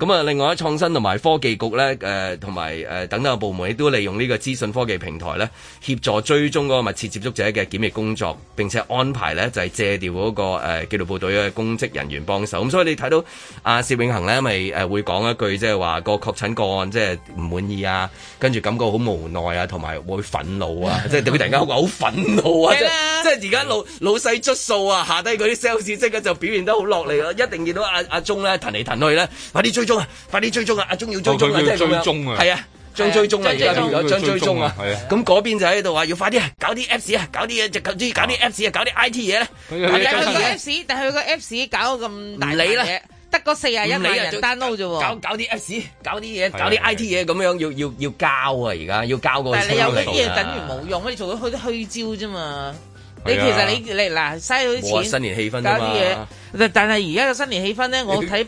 咁啊，另外喺創新同埋科技局咧，誒同埋誒等等嘅部門亦都利用呢個資訊科技平台咧，協助追蹤個密切接觸者嘅檢疫工作，並且安排咧就係、是、借調、那個誒誒紀律部隊嘅公職人員幫手。咁、啊、所以你睇到阿、啊、薛永恒咧，咪、啊、誒會講一句，即係話個確診個案即係唔滿意啊，跟住感覺好無奈啊，同埋會憤怒啊， 即係點解突然間好憤怒啊，Yeah. 即係而家老老細出數啊，下低啲 sales 即刻就表現得好落嚟咯，Yeah. 一定見到阿阿鍾咧騰嚟騰去咧，快啲追！追啊！快啲追蹤啊！阿鍾要追蹤啊，即係追蹤啊，係啊，將追蹤啊，而家仲有將追蹤啊。咁嗰邊就喺度話，要快啲搞啲 Apps 啊，搞啲嘢，就中意搞啲 Apps 啊，搞啲 IT 嘢咧。係啊，佢個 Apps，但係佢個 Apps 搞咁大嘢，得嗰四廿一萬人 download 啫。搞搞啲 Apps，搞啲嘢，搞啲 IT 嘢，咁樣要要要交啊！而家要交個。但係你有乜嘢等於冇用咧？你做咗佢啲虛招啫嘛。你其實你嚟嗱，嘥咗啲錢，新年氣氛，搞啲嘢。但係而家嘅新年氣氛咧，我睇，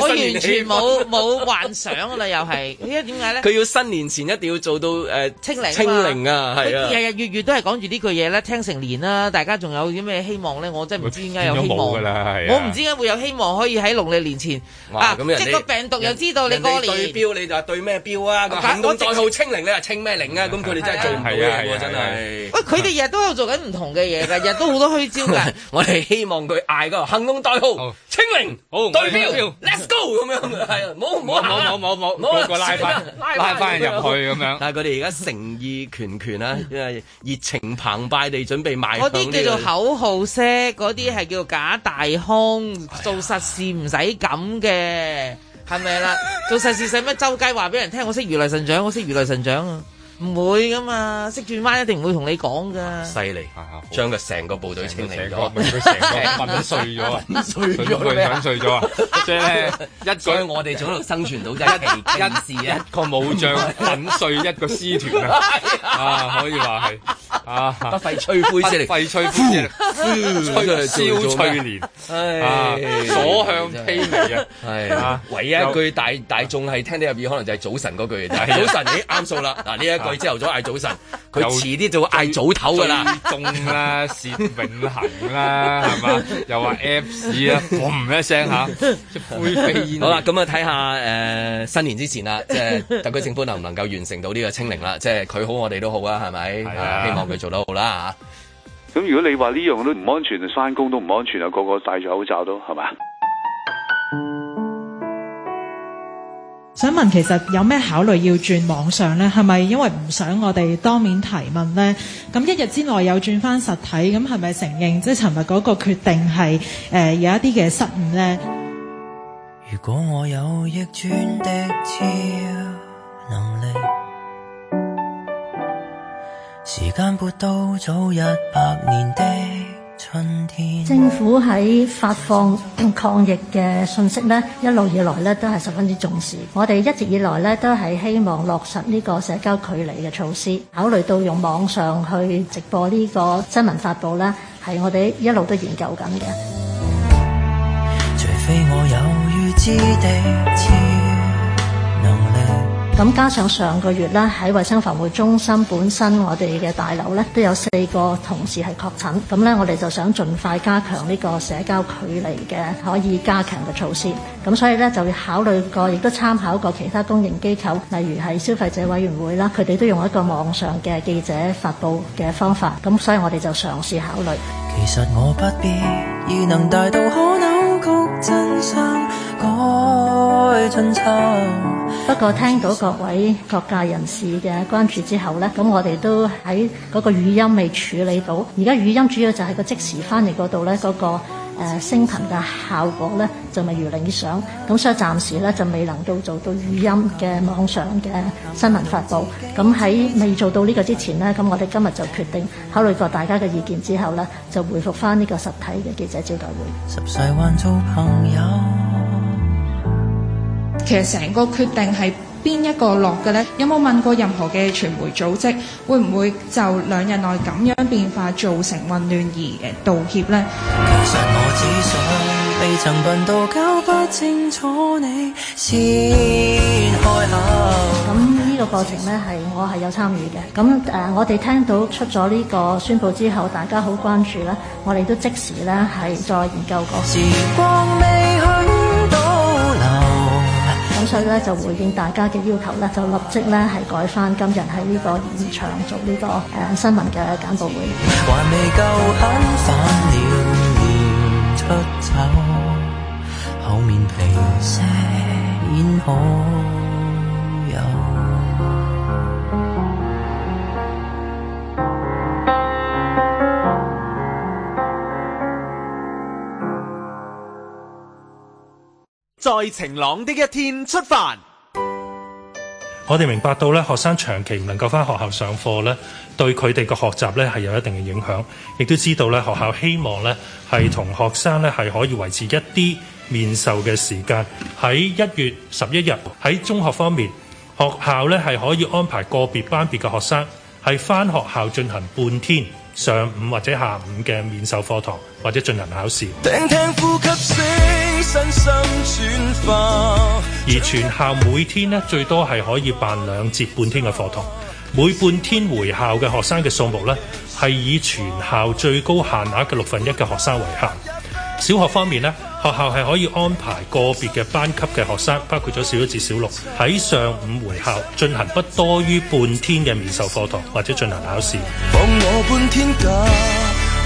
我完全冇冇幻想啦，又係。而家點解咧？佢要新年前一定要做到誒清零，清零啊，係啊！日日月月都係講住呢句嘢咧，聽成年啦。大家仲有啲咩希望咧？我真係唔知點解有希望。我唔知點解會有希望可以喺農曆年前。即係個病毒又知道你過年。對標你就對咩標啊？病毒代號清零，你係清咩零啊？咁佢哋真係做唔到嘢，真係。喂，佢哋日日都有做緊唔同嘅。日 日都好多虛招㗎， 我哋希望佢嗌個行動代號好清零明，好對標表，Let's go 咁、 like, 樣，係冇冇冇冇冇，攞個拉翻拉翻入去咁樣。樣樣樣樣 但係佢哋而家誠意拳拳、啊、 因啦，熱情澎湃地準備賣嗰啲叫做口號式，嗰啲係叫做假大空， 做實事唔使咁嘅，係咪啦？做實事使乜周街話俾人聽？我識如來神掌，我識如來神掌啊！唔會噶嘛，識轉彎一定唔會同你講噶。犀利，將佢成個部隊清理咗，佢成個瞓咗碎咗，啊，碎咗，將碎咗啊！所以咧，我哋祖國生存到就係一件事，個武將粉碎一個師團啊，可以話係啊，不費吹灰之力，不費吹灰之年，燒翠蓮，所向披靡啊！係啊，唯一一句大大眾係聽得入耳，可能就係早晨嗰句嚟，早晨，已經啱數啦！嗱呢一個。佢朝頭早嗌早晨，佢遲啲就會嗌早唞噶啦。鐘啦，薛永恆啦，係嘛？又話 Apps 啊，我唔一聲嚇？灰飛煙。好啦，咁啊睇下誒新年之前啦，即係特區政府能唔能夠完成到呢個清零啦？即係佢好，好，我哋都好啊，係咪？係啊，希望佢做得好啦嚇。咁如果你話呢樣都唔安全，翻工都唔安全啊，個個戴住口罩都係嘛？想問其實有咩考慮要轉網上呢？係咪因為唔想我哋當面提問呢？咁一日之內有轉翻實體，咁係咪承認即係尋日嗰個決定係誒、呃、有一啲嘅失誤呢？如果我有逆轉的超能力，時間撥到早一百年的。政府喺發放抗疫嘅信息呢，一路以來呢都係十分之重視。我哋一直以來呢都係希望落實呢個社交距離嘅措施。考慮到用網上去直播呢個新聞發布呢，係我哋一路都研究緊嘅。除非我咁加上上個月咧喺衞生防護中心本身我，我哋嘅大樓咧都有四個同事係確診，咁咧我哋就想盡快加強呢個社交距離嘅可以加強嘅措施，咁所以咧就考慮過，亦都參考過其他公營機構，例如係消費者委員會啦，佢哋都用一個網上嘅記者發布嘅方法，咁所以我哋就嘗試考慮。其實我不必不過聽到各位各界人士嘅關注之後呢，咁我哋都喺嗰個語音未處理到，而家語音主要就係個即時翻譯嗰度呢，嗰個誒、呃、聲頻嘅效果呢，就未如理想，咁所以暫時呢，就未能夠做到語音嘅網上嘅新聞發布。咁喺未做到呢個之前呢，咁我哋今日就決定考慮過大家嘅意見之後呢，就回復翻呢個實體嘅記者招待會。十世還做朋友。其實成個決定係邊一個落嘅咧？有冇問過任何嘅傳媒組織，會唔會就兩日內咁樣變化造成混亂而誒道歉咧？咁呢個過程咧係我係有參與嘅。咁誒，我哋、呃、聽到出咗呢個宣布之後，大家好關注啦，我哋都即時咧係再研究過。時光所以咧就回應大家嘅要求咧，就立即咧係改翻今日喺呢個現場做呢、呢個誒、呃、新聞嘅簡報會。還在晴朗的一天出發。我哋明白到咧，學生長期唔能夠返學校上課咧，對佢哋嘅學習咧係有一定嘅影響。亦都知道咧，學校希望咧係同學生咧係可以維持一啲面授嘅時間。喺一月十一日，喺中學方面，學校咧係可以安排個別班別嘅學生係返學校進行半天上午或者下午嘅面授課堂，或者進行考試。聽聽而全校每天呢，最多係可以辦兩節半天嘅課堂，每半天回校嘅學生嘅數目呢，係以全校最高限額嘅六分一嘅學生為限。小學方面呢，學校係可以安排個別嘅班級嘅學生，包括咗小一至小六，喺上午回校進行不多於半天嘅面授課堂或者進行考試。放我半天假。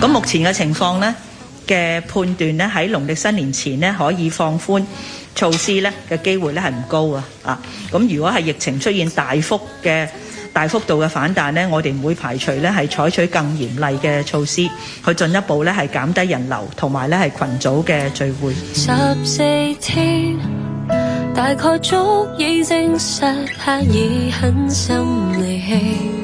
咁目前嘅情況呢，嘅判斷呢，喺農曆新年前呢，可以放寬措施呢嘅機會呢係唔高啊啊！咁如果係疫情出現大幅嘅大幅度嘅反彈呢，我哋唔會排除呢係採取更嚴厲嘅措施去進一步呢係減低人流同埋呢係群組嘅聚會。十四天大概足以證實他已狠心離棄。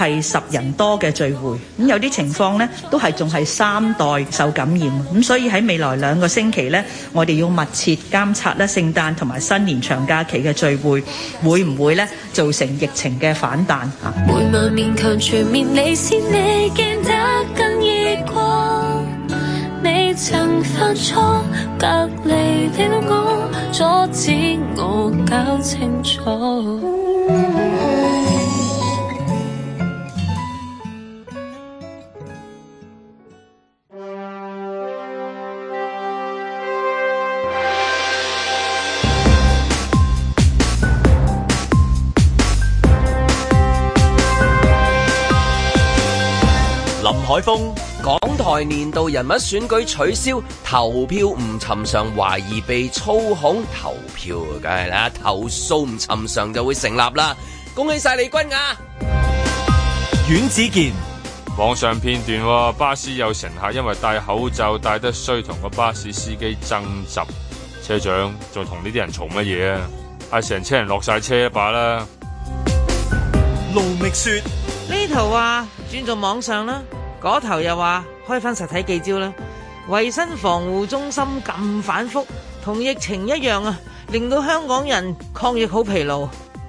係十人多嘅聚會，咁有啲情況咧，都係仲係三代受感染，咁所以喺未來兩個星期呢，我哋要密切監察咧，聖誕同埋新年長假期嘅聚會，會唔會呢造成疫情嘅反彈啊？每晚勉強全面你先未見得更易過。未曾犯錯，隔離了我，阻止我搞清楚。港台年度人物選舉取消投票，唔尋常，懷疑被操控投票，梗係啦，投訴唔尋常就會成立啦。恭喜晒李君雅，啊、阮子健。網上片段，巴士有乘客因為戴口罩戴得衰，同個巴士司機爭執，車長再同呢啲人嘈乜嘢啊？阿成車人落晒車一把啦。盧覓雪，呢頭話轉做網上啦。嗰頭又話開翻實體記招啦，衛生防護中心咁反覆同疫情一樣啊，令到香港人抗疫好疲勞。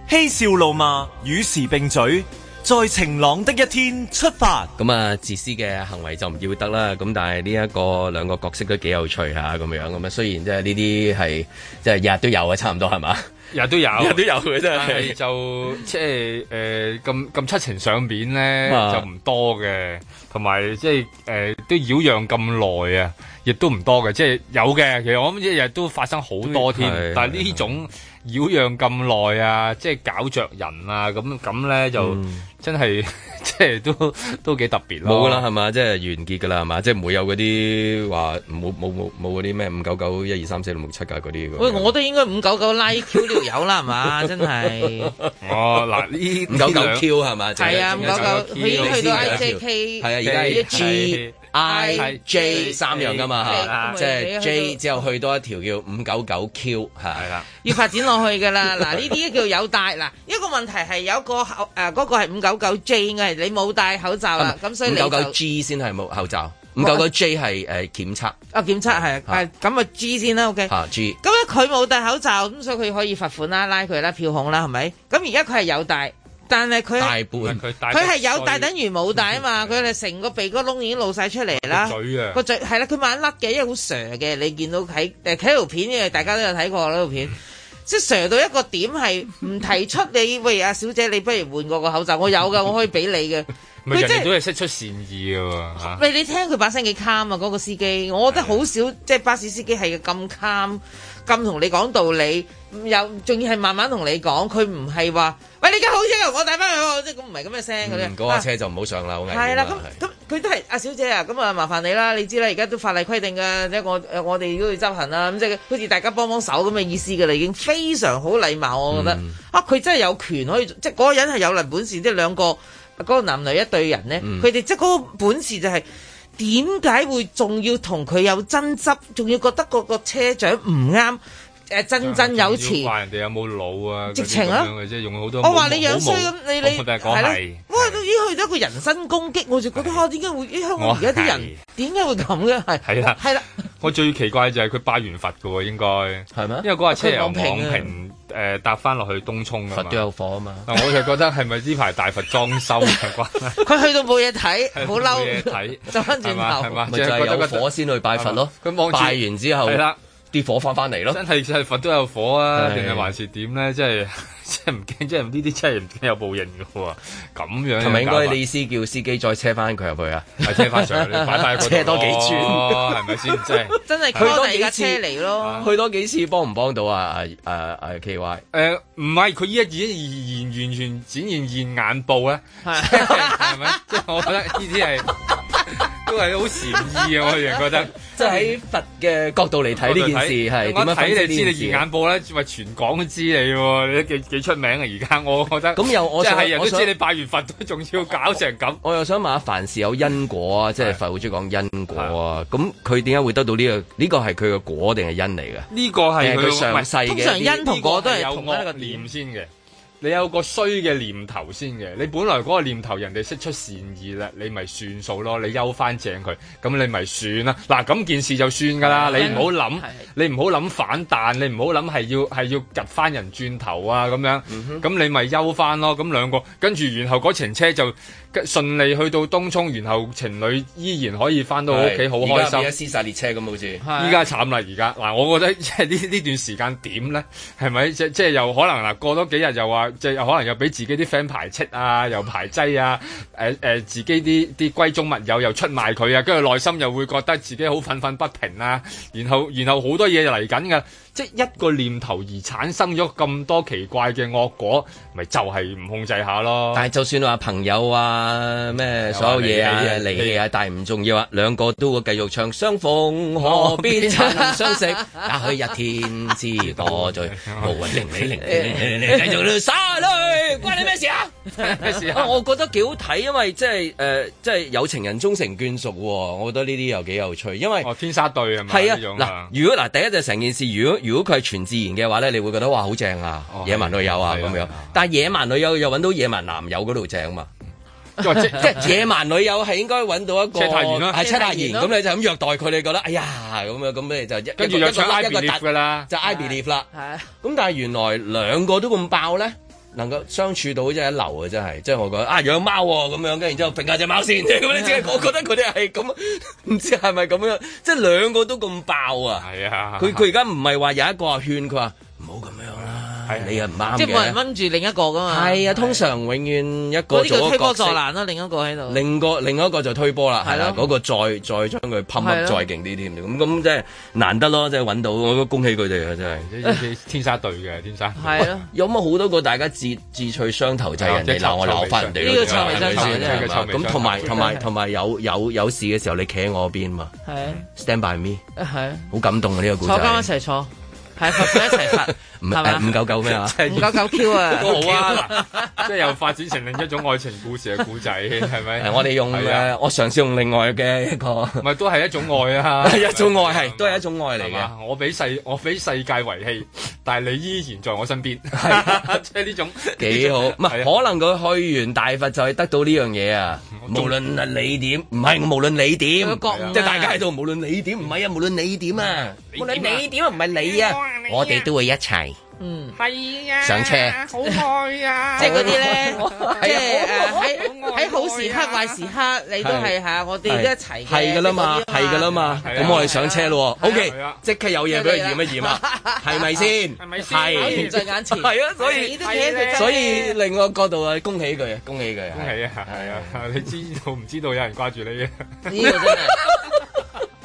嬉笑怒罵與時並舉，在晴朗的一天出發。咁啊，自私嘅行為就唔要得啦。咁但係呢一個兩個角色都幾有趣吓，咁樣咁啊。雖然即係呢啲係即係日日都有啊，差唔多係嘛？日都有，日都有嘅真係，但係就即係誒咁咁七情上面咧，就唔多嘅，同埋即係誒都擾攘咁耐啊，亦都唔多嘅，即係有嘅。其實我諗一日都發生好多添，但係呢種擾攘咁耐啊，即係搞著人啊，咁咁咧就。真係即係都都幾特別咯，冇噶啦係嘛，即係完結噶啦係嘛，即係唔會有嗰啲話冇冇冇冇嗰啲咩五九九一二三四六七㗎嗰啲。喂，我都得應該五九九拉 Q 條友啦，係嘛？真係。哦，嗱呢五九九 Q 係嘛？係啊，五九九。你去到 I J K 係啊，而家係 I J 三樣噶嘛嚇，即係 J 之後去多一條叫五九九 Q 係啦。要發展落去㗎啦，嗱呢啲叫有帶嗱一個問題係有個誒嗰個係五九。九九 G 應你冇戴口罩啦，咁所以你九九 G 先係冇口罩，五九九 G 係誒檢測。啊檢測係，誒咁啊 G 先啦，O K。嚇 G 咁咧佢冇戴口罩，咁所以佢可以罰款啦，拉佢啦，票控啦，係咪？咁而家佢係有戴，但係佢戴半，佢戴佢係有戴，等於冇戴啊嘛。佢哋成個鼻哥窿已經露晒出嚟啦。嘴個嘴係啦，佢猛甩嘅，因為好傻嘅。你見到佢喺誒睇條片因為呢？大家都有睇過呢條片。即係到一個點係唔提出你 喂，阿小姐，你不如換我個口罩，我有㗎，我可以俾你㗎。 佢即係都係識出善意嘅喎。喂、啊，你聽佢把聲幾 calm 啊？嗰、那個司機，我覺得好少的即係巴士司機係咁 calm 咁同你講道理，又仲要係慢慢同你講。佢唔係話，喂，你架好車啊，我帶翻去即咁唔係咁嘅聲嘅啫。唔嗰架車就唔好上樓嘅。係啦，咁咁佢都係阿、啊、小姐啊，咁啊麻煩你啦。你知啦，而家都法例規定嘅，即我我哋都要執行啦。咁即係不如大家幫幫手咁嘅意思嘅啦，已經非常好禮貌，我覺得。嗯、啊，佢真係有權可以，即係嗰個人係有嚟本事，即、就、係、是、兩個。嗰個男女一對人呢，佢哋、嗯、即係嗰個本事就係點解會仲要同佢有爭執，仲要覺得嗰個車長唔啱？誒振振有詞，要話人哋有冇腦啊？直情啊！我話你樣衰咁，你你係咯？我話到去咗一個人身攻擊，我就覺得嚇點解會？香港而家啲人點解會咁嘅？係係啦，係啦。我最奇怪就係佢拜完佛嘅喎，應該係咩？因為嗰日車又平誒，搭翻落去東涌啊，佛都有火啊嘛。我就覺得係咪呢排大佛裝修有關？佢去到冇嘢睇，好嬲冇嘢睇，執翻轉頭，咪就係由火先去拜佛咯。佢望拜完之後係啦。啲火翻翻嚟咯！真係真係佛都有火啊，定係還是點咧？真係真係唔驚，真係呢啲真係唔驚有報應嘅喎。咁樣係咪應該你意思叫司機再車翻佢入去啊？係車翻上嚟，快快車多幾轉，係咪先？真係佢多幾次嚟咯，去多幾次幫唔幫到啊啊啊 K Y？誒唔係，佢依家已經完全展現現眼報咧，係咪？即係我覺得呢啲係。 都係好善意啊！我成日覺得，即係喺佛嘅角度嚟睇呢件事係點樣發知你現眼報啦，咪全港都知你、啊，你都幾幾出名啊！而家我覺得咁 又我即係人都知你拜完佛都仲我要搞成咁。我又想問下，凡事有因果啊，即、就、係、是、佛好中意講因果啊。咁佢點解會得到呢、這個？呢、這個係佢嘅果定係因嚟嘅？呢個係佢上世嘅。通常因同果都係同喺一,一個念先嘅。你有個衰嘅念頭先嘅，你本來嗰個念頭人哋識出善意啦，你咪算數咯，你休翻正佢，咁你咪算啦。嗱，咁件事就算噶啦，你唔好諗，嗯、你唔好諗反彈，的你唔好諗係要係要趌翻人轉頭啊咁樣，咁、嗯、哼你咪休翻咯。咁兩個跟住，然後嗰程車就順利去到東涌，然後情侶依然可以翻到屋企，好的開心。而家俾一屍殺列車咁好似，依家慘啦！而家嗱，我覺得即係呢呢段時間點咧，係咪即即係又可能嗱過多幾日又話？即係可能又俾自己啲 friend 排斥啊，又排擠啊，誒、呃、誒，自己啲啲閨中密友又出賣佢啊，跟住內心又會覺得自己好憤憤不平啊。然後然後好多嘢就嚟緊噶。一個念頭而產生咗咁多奇怪嘅惡果，咪就係唔控制下咯。但係就算話朋友啊，咩所有嘢啊，離棄啊，但係唔重要啊。兩個都會繼續唱相逢何必曾相識，也許一天之多聚無畏零尾零，繼續去耍落去，關你咩事啊？咩事啊？我覺得幾好睇，因為即係誒，即係有情人終成眷屬。我覺得呢啲又幾有趣，因為天沙隊係咪？係啊，嗱，如果嗱，第一就成件事，如果如果佢係全自然嘅話咧，你會覺得哇好正啊，野蠻女友啊咁樣。但係野蠻女友又揾到野蠻男友嗰度正嘛？即係野蠻女友係應該揾到一個，係車太賢咁，你就咁虐待佢，你覺得哎呀咁樣，咁咪就一一個拉一個突噶啦，就 I believe 啦。咁但係原來兩個都咁爆咧。能夠相處到真係一流啊！真係，即係我覺得啊，養貓喎咁樣，跟然之後評價隻貓先，即係咁樣，即係 我覺得佢哋係咁，唔知係咪咁樣，即係兩個都咁爆啊！係啊， 佢佢而家唔係話有一個啊，勸佢話唔好咁樣。你又唔啱嘅，即係冇人掹住另一個噶嘛？係啊，通常永遠一個推波助瀾咯，另一個喺度。另個另一個就推波啦，係啦，嗰個再再將佢噴一再勁啲添。咁咁即係難得咯，即係搵到，我恭喜佢哋啊！真係，天生對嘅天生對。係啊，有冇好多個大家志志趣相投，就係人哋鬧我鬧翻人哋。呢個臭味真係，真係。咁同埋同埋同埋有有有事嘅時候，你企喺我邊嘛？係。Stand by me。啊好感動啊！呢個故事。坐，今晚一齊坐。係佛都一齊拍，唔係五九九咩嘛？五九九 Q 啊！好啊，即係又發展成另一種愛情故事嘅故仔，係咪？我哋用誒，我嘗試用另外嘅一個，唔係都係一種愛啊，一種愛係，都係一種愛嚟嘅。我俾世我俾世界遺棄，但係你依然在我身邊，係即係呢種幾好。唔係可能佢去完大佛就係得到呢樣嘢啊！無論你點，唔係我無論你點，即係大家喺度，無論你點，唔係啊，無論你點啊，無論你點啊，唔係你啊。我哋都會一齊，嗯，係啊，上車，好愛啊，即係嗰啲咧，喺喺好時刻壞時刻，你都係吓，我哋都一齊，係噶啦嘛，係噶啦嘛，咁我哋上車咯，OK，即刻有嘢俾佢驗一驗啊，係咪先？係，就眼前，係啊，所以呢啲嘢，所以另一個角度啊，恭喜佢，恭喜佢，係啊，係啊，你知唔知道有人掛住你嘅？你知道？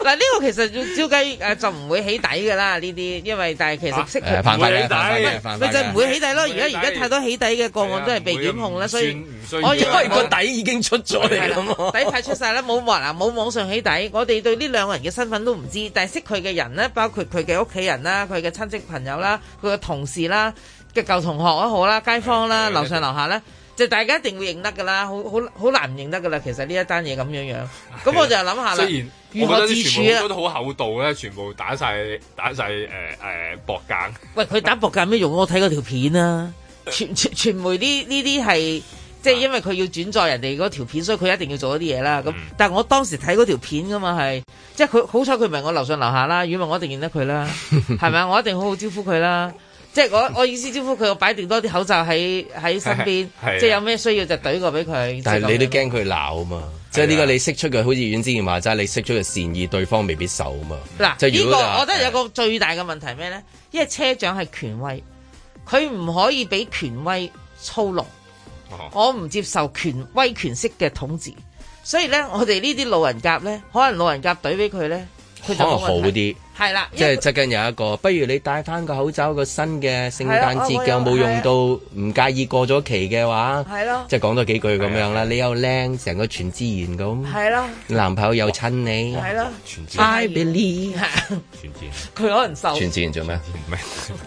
嗱呢個其實照計誒就唔會起底㗎啦，呢啲因為但係其實識佢唔會起底，就唔會起底咯。而家而家太多起底嘅個案都係被檢控，啦，所以我認為個底已經出咗嚟，底太出晒，啦，冇冇網上起底，我哋對呢兩個人嘅身份都唔知，但係識佢嘅人咧，包括佢嘅屋企人啦、佢嘅親戚朋友啦、佢嘅同事啦、佢嘅舊同學都好啦、街坊啦、樓上樓下咧，就大家一定會認得㗎啦，好好好難唔認得㗎啦。其實呢一單嘢咁樣樣，咁我就諗下啦。啊、我覺得啲全部都好厚道咧，全部打晒打晒誒誒博格。呃呃、喂，佢打博格有咩用？我睇嗰條片啊，傳傳 媒呢呢啲係即係因為佢要轉載人哋嗰條片，所以佢一定要做一啲嘢啦。咁，嗯、但係我當時睇嗰條片噶嘛，係即係佢好彩佢唔係我樓上樓下啦，如果唔係我一定認得佢啦，係咪啊？我一定好好招呼佢啦。 即係我我意思，招呼佢我擺定多啲口罩喺喺身邊， 啊、即係有咩需要就懟個俾佢。 但係你都驚佢鬧啊嘛？即係呢個你釋出佢，啊、好似暖之言話齋，你釋出嘅善意，對方未必受啊嘛。嗱，嘩，呢個我覺得有個最大嘅問題咩咧？因為車長係權威，佢唔可以俾權威操弄。哦、我唔接受權威權式嘅統治，所以咧，我哋呢啲老人甲咧，可能老人甲懟俾佢咧，佢就可能好啲。係啦，即係最近有一個，不如你戴翻個口罩，個新嘅聖誕節嘅有冇用到？唔介意過咗期嘅話，係咯，即係講多幾句咁樣啦。你又靚，成個全自然咁，係咯，男朋友又襯你，係咯，I believe，全自然，佢可能收全自然做咩？唔明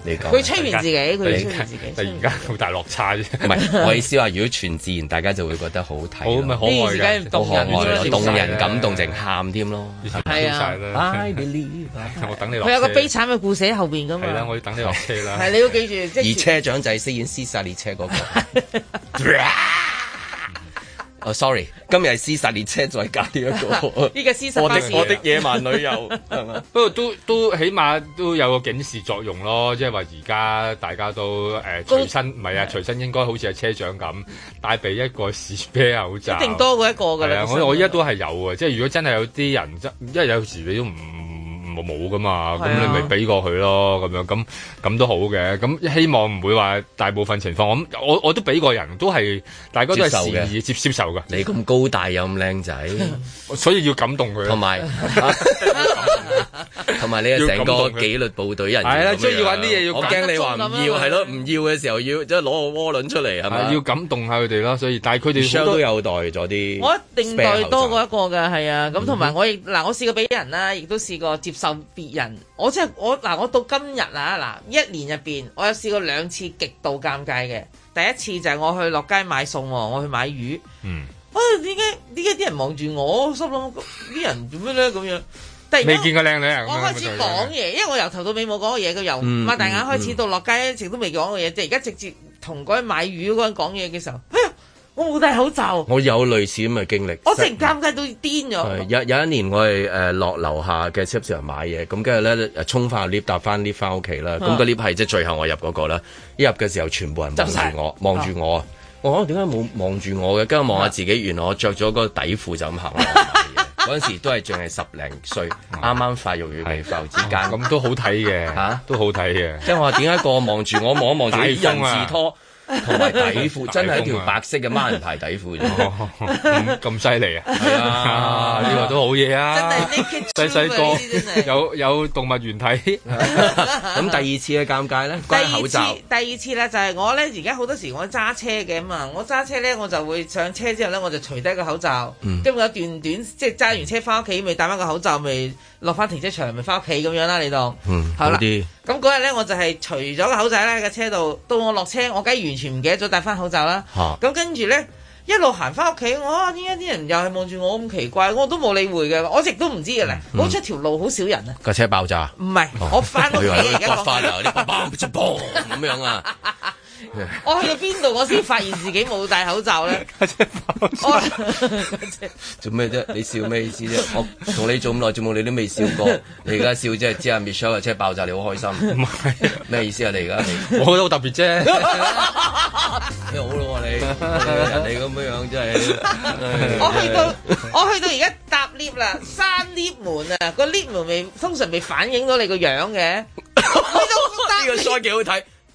你講，佢吹完自己，佢吹完自己，突然間好大落差啫。唔係，我意思話，如果全自然，大家就會覺得好睇，好可愛，好可愛，動人感動成喊添咯，係啊，I b e l i 我等你落。佢有個悲慘嘅故事喺後邊咁啊！係啦，我要等你落車啦。係、 啊、你都記住，即 而車長就係飾演屍殺列車嗰、那個。sorry，今日係屍殺列車再加呢一個。呢 個屍殺，我我我的野蠻女友，不過都都起碼都有個警示作用咯，即係話而家大家都誒、呃、隨身，唔係啊，隨身應該好似係車長咁帶備一個士啤啊，好 一定多過一個㗎啦、 啊。我我而家都係有嘅，即、就、係、是、如果真係有啲人因為有時你都唔。我冇噶嘛，咁你咪俾過佢咯，咁樣咁咁都好嘅，咁希望唔會話大部分情況，咁我我都俾過人都係，大家都係接受接接受噶。你咁高大又咁靚仔，所以要感動佢。同埋，同埋你係成個紀律部隊人，係啦，所以要玩啲嘢要，我驚你話唔要，係咯，唔要嘅時候要即係攞個窩輪出嚟，係咪？要感動下佢哋咯，所以，但係佢哋好多有待咗啲，我一定待多過一個嘅，係啊，咁同埋我亦嗱，我試過俾人啦，亦都試過接受。別人，我即係我嗱，我到今日啊嗱，一年入邊，我有試過兩次極度尷尬嘅。第一次就係我去落街買餸，我去買魚，啊、嗯，點解點解啲人望住我？心諗啲人做咩咧咁樣？但係未見過靚女啊。我開始講嘢，嗯嗯、因為我由頭到尾冇講過嘢，佢由擘大眼開始到落街一直都未講過嘢，即係而家直接同嗰買魚嗰人講嘢嘅時候。哎我冇戴口罩。我有類似咁嘅經歷。我成日尷尬到癲咗。有有一年我係誒、呃、落樓下嘅超市度買嘢，咁跟住咧誒衝翻 lift 搭翻 lift 翻屋企啦。咁個 lift 係即係最後我入嗰個啦。一入嘅時候，全部人望住我，望住我。啊、我點解冇望住我嘅？跟住望下自己，啊、原來我着咗個底褲就咁行落買嘢嗰、啊、時都係仲係十零歲，啱啱發育完發育之間，咁、啊、都好睇嘅嚇，都好睇嘅。即係話點解個望住我望一望自己，人字拖？啊同埋底褲，真係一條白色嘅孖人牌底褲，咁犀利啊！係啊，呢個都好嘢啊！細細個有有動物園睇，咁第二次嘅尷尬咧，關於口罩。第二次咧就係我咧，而家好多時我揸車嘅嘛，我揸車咧，我就會上車之後咧，我就除低個口罩。嗯，因為有段短，即係揸完車翻屋企未戴翻個口罩未。落翻停車場咪翻屋企咁樣，樣、嗯、啦，你的當。嗯。好啦。咁嗰日咧，我就係除咗個口罩咧，喺個車度到我落車，我梗係完全唔記得咗戴翻口罩啦。嚇、啊。咁跟住咧，一路行翻屋企，我點解啲人又係望住我咁奇怪？我都冇理會嘅，我直都唔知嘅咧。我出條路好少人啊。個、嗯、車爆炸。唔係是，啊、我翻屋企而家。爆咁 樣啊！我去到邊度我先發現自己冇戴口罩咧，做咩啫？你笑咩意思啫？我同你做咁耐節目，你都未笑過，你而家笑即係知阿 Michelle 嘅車爆炸，你好開心。唔係咩意思啊？你而家我覺得好特別啫，你好咯你，人哋咁樣樣真係。我去到我去到而家搭 lift 啦，閂 lift 門啊，個 lift 門面通常未反映到你個樣嘅，呢個 show 幾好睇。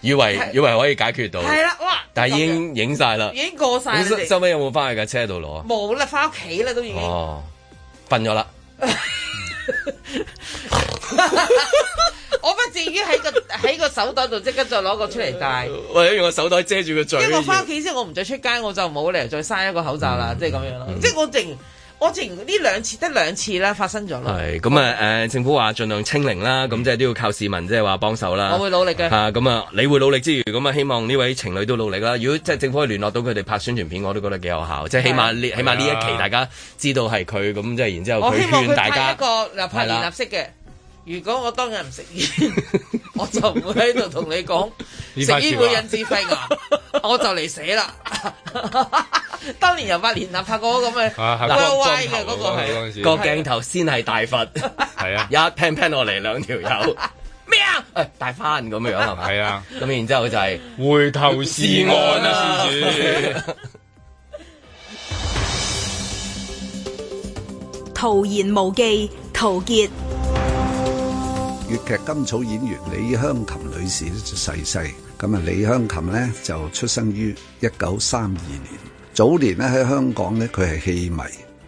以為以為可以解決到，係啦，哇！但係已經影晒啦，已經過晒。收尾們有冇翻去架車度攞？冇啦，翻屋企啦，都已經。哦，瞓咗啦。我不至於喺個喺個手袋度即刻就攞個出嚟戴，或者，哎，用個手袋遮住個嘴。因為我翻屋企先，我唔再出街，我就冇理由再嘥一個口罩啦，即係咁樣咯。即係我淨。我之呢兩次得兩次啦，發生咗啦。係咁啊，誒政府話盡量清零啦，咁即係都要靠市民即係話幫手啦。我會努力嘅。嚇咁啊，你會努力之餘，咁啊希望呢位情侶都努力啦。如果即係政府聯絡到佢哋拍宣傳片，我都覺得幾有效，即係起碼呢起碼呢一期大家知道係佢咁，即係然之後佢勸大家。我希望佢拍一個又拍聯合式嘅。如果我當日唔食煙，我就唔會喺度同你講食煙會引致肺癌，我就嚟死啦！當年由八年立拍過咁嘅歪歪嘅嗰個，個鏡頭先係大佛，係啊，一 p e 落嚟兩條友咩啊？大翻咁樣樣係咪？係啊，咁然之後就係回頭是岸啦，徒然無忌，陶傑。粵劇甘草演員李香琴女士就逝世。咁啊，李香琴呢就出生於一九三二年。早年呢，喺香港呢，佢係戲迷，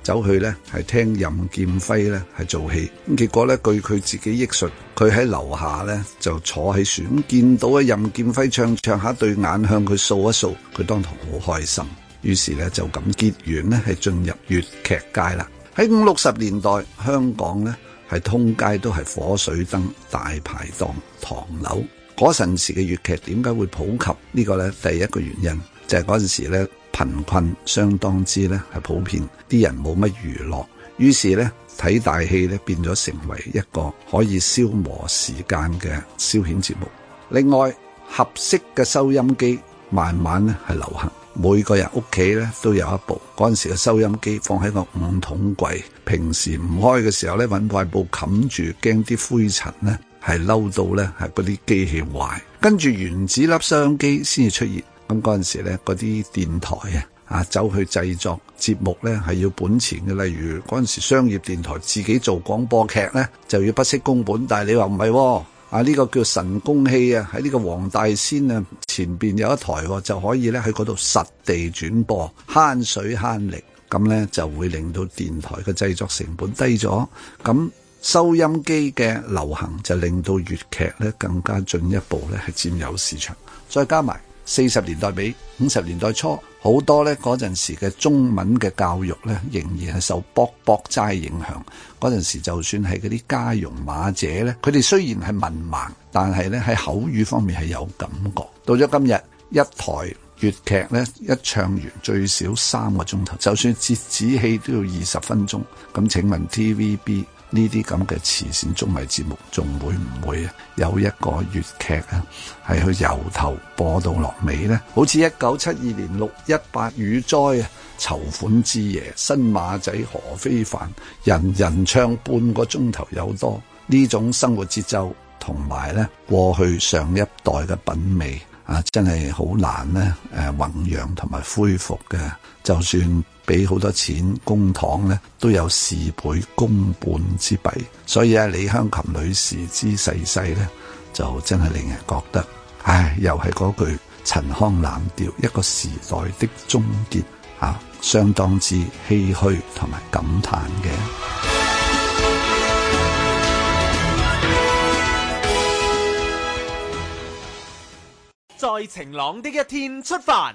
走去呢係聽任劍輝呢係做戲。咁結果呢，據佢自己憶述，佢喺樓下呢就坐喺船，咁見到啊任劍輝唱唱下，對眼向佢掃一掃，佢當堂好開心。於是呢就咁結緣呢，係進入粵劇界啦。喺五六十年代，香港呢。係通街都係火水燈、大排檔、唐樓。嗰陣時嘅粵劇點解會普及呢個呢，第一個原因就係嗰陣時呢貧困相當之呢係普遍，啲人冇乜娛樂，於是呢睇大戲呢變咗成為一個可以消磨時間嘅消遣節目。另外，合適嘅收音機慢慢呢係流行。每個人屋企咧都有一部嗰陣時嘅收音機，放喺個五桶櫃，平時唔開嘅時候咧揾塊布冚住，驚啲灰塵咧係嬲到咧係嗰啲機器壞。跟住原子粒收音機先至出現。咁嗰陣時咧嗰啲電台啊、啊走去製作節目咧係要本錢嘅，例如嗰陣時商業電台自己做廣播劇咧就要不惜工本，但係你話唔係喎。啊！呢、這個叫神功器戲啊，喺、這、呢個黃大仙啊前邊有一台、哦，就可以咧喺嗰度實地轉播，慳水慳力，咁咧就會令到電台嘅製作成本低咗。咁收音機嘅流行就令到粵劇咧更加進一步咧係佔有市場，再加埋。四十年代比五十年代初好多呢，嗰陣時嘅中文嘅教育呢，仍然係受卜卜齋影響。嗰陣時就算係嗰啲家傭、馬姐呢，佢哋雖然係文盲，但係呢，喺口語方面係有感覺。到咗今日，一台粵劇呢，一唱完最少三個鐘頭，就算折子戲都要二十分鐘。咁請問 TVB？呢啲咁嘅慈善綜藝節目，仲會唔會啊？有一個粵劇啊，係去由頭播到落尾呢，好似一九七二年六一八雨災啊，籌款之夜，新馬仔何非凡，人人唱半個鐘頭有多，呢種生活節奏同埋呢過去上一代嘅品味啊，真係好難呢，誒，弘揚同埋恢復嘅。就算俾好多錢公堂咧，都有事倍功半之弊。所以咧、啊，李香琴女士之逝世咧，就真係令人覺得，唉，又係嗰句陳腔濫調，一個時代的終結啊，相當之唏噓同埋感嘆嘅。在晴朗的一天出發。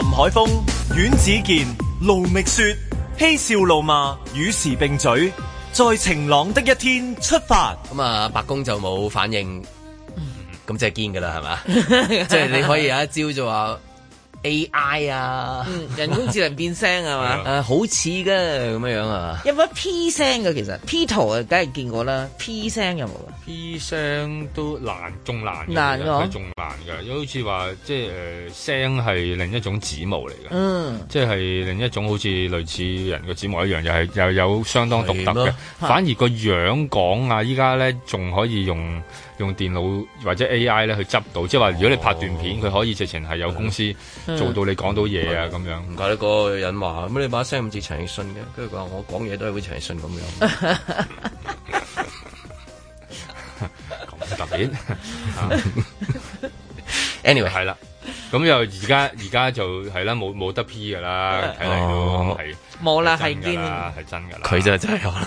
林海峰、阮子健、盧覓雪、嬉笑怒罵，與時並嘴，在晴朗的一天出發。咁啊、嗯，白宮就冇反應，咁即係堅噶啦，係嘛？即係 你可以有一招就話。A.I. 啊，嗯，人工智能變聲係嘛？誒，好似嘅咁樣啊，有冇 P 聲嘅其實？P 圖梗係見過啦，P 聲有冇啊？P 聲都難仲難， 難㗎，仲難㗎，有好似話即係誒聲係另一種指模嚟嘅，嗯，即係另一種好似類似人嘅指模一樣，又係又有相當獨特嘅，嗎反而個樣講啊，依家咧仲可以用。用電腦或者 AI 咧去執到，即係話如果你拍段片，佢可以直情係有公司做到你講到嘢啊咁樣。唔怪得嗰個人話，咁你把聲唔似陳奕迅嘅，跟住佢話我講嘢都係好似陳奕迅咁樣。咁特別。Anyway 係啦，咁又而家而家就係啦，冇冇得 P 噶啦，睇嚟都係冇啦，係真噶啦，係真噶啦，佢就真係可能。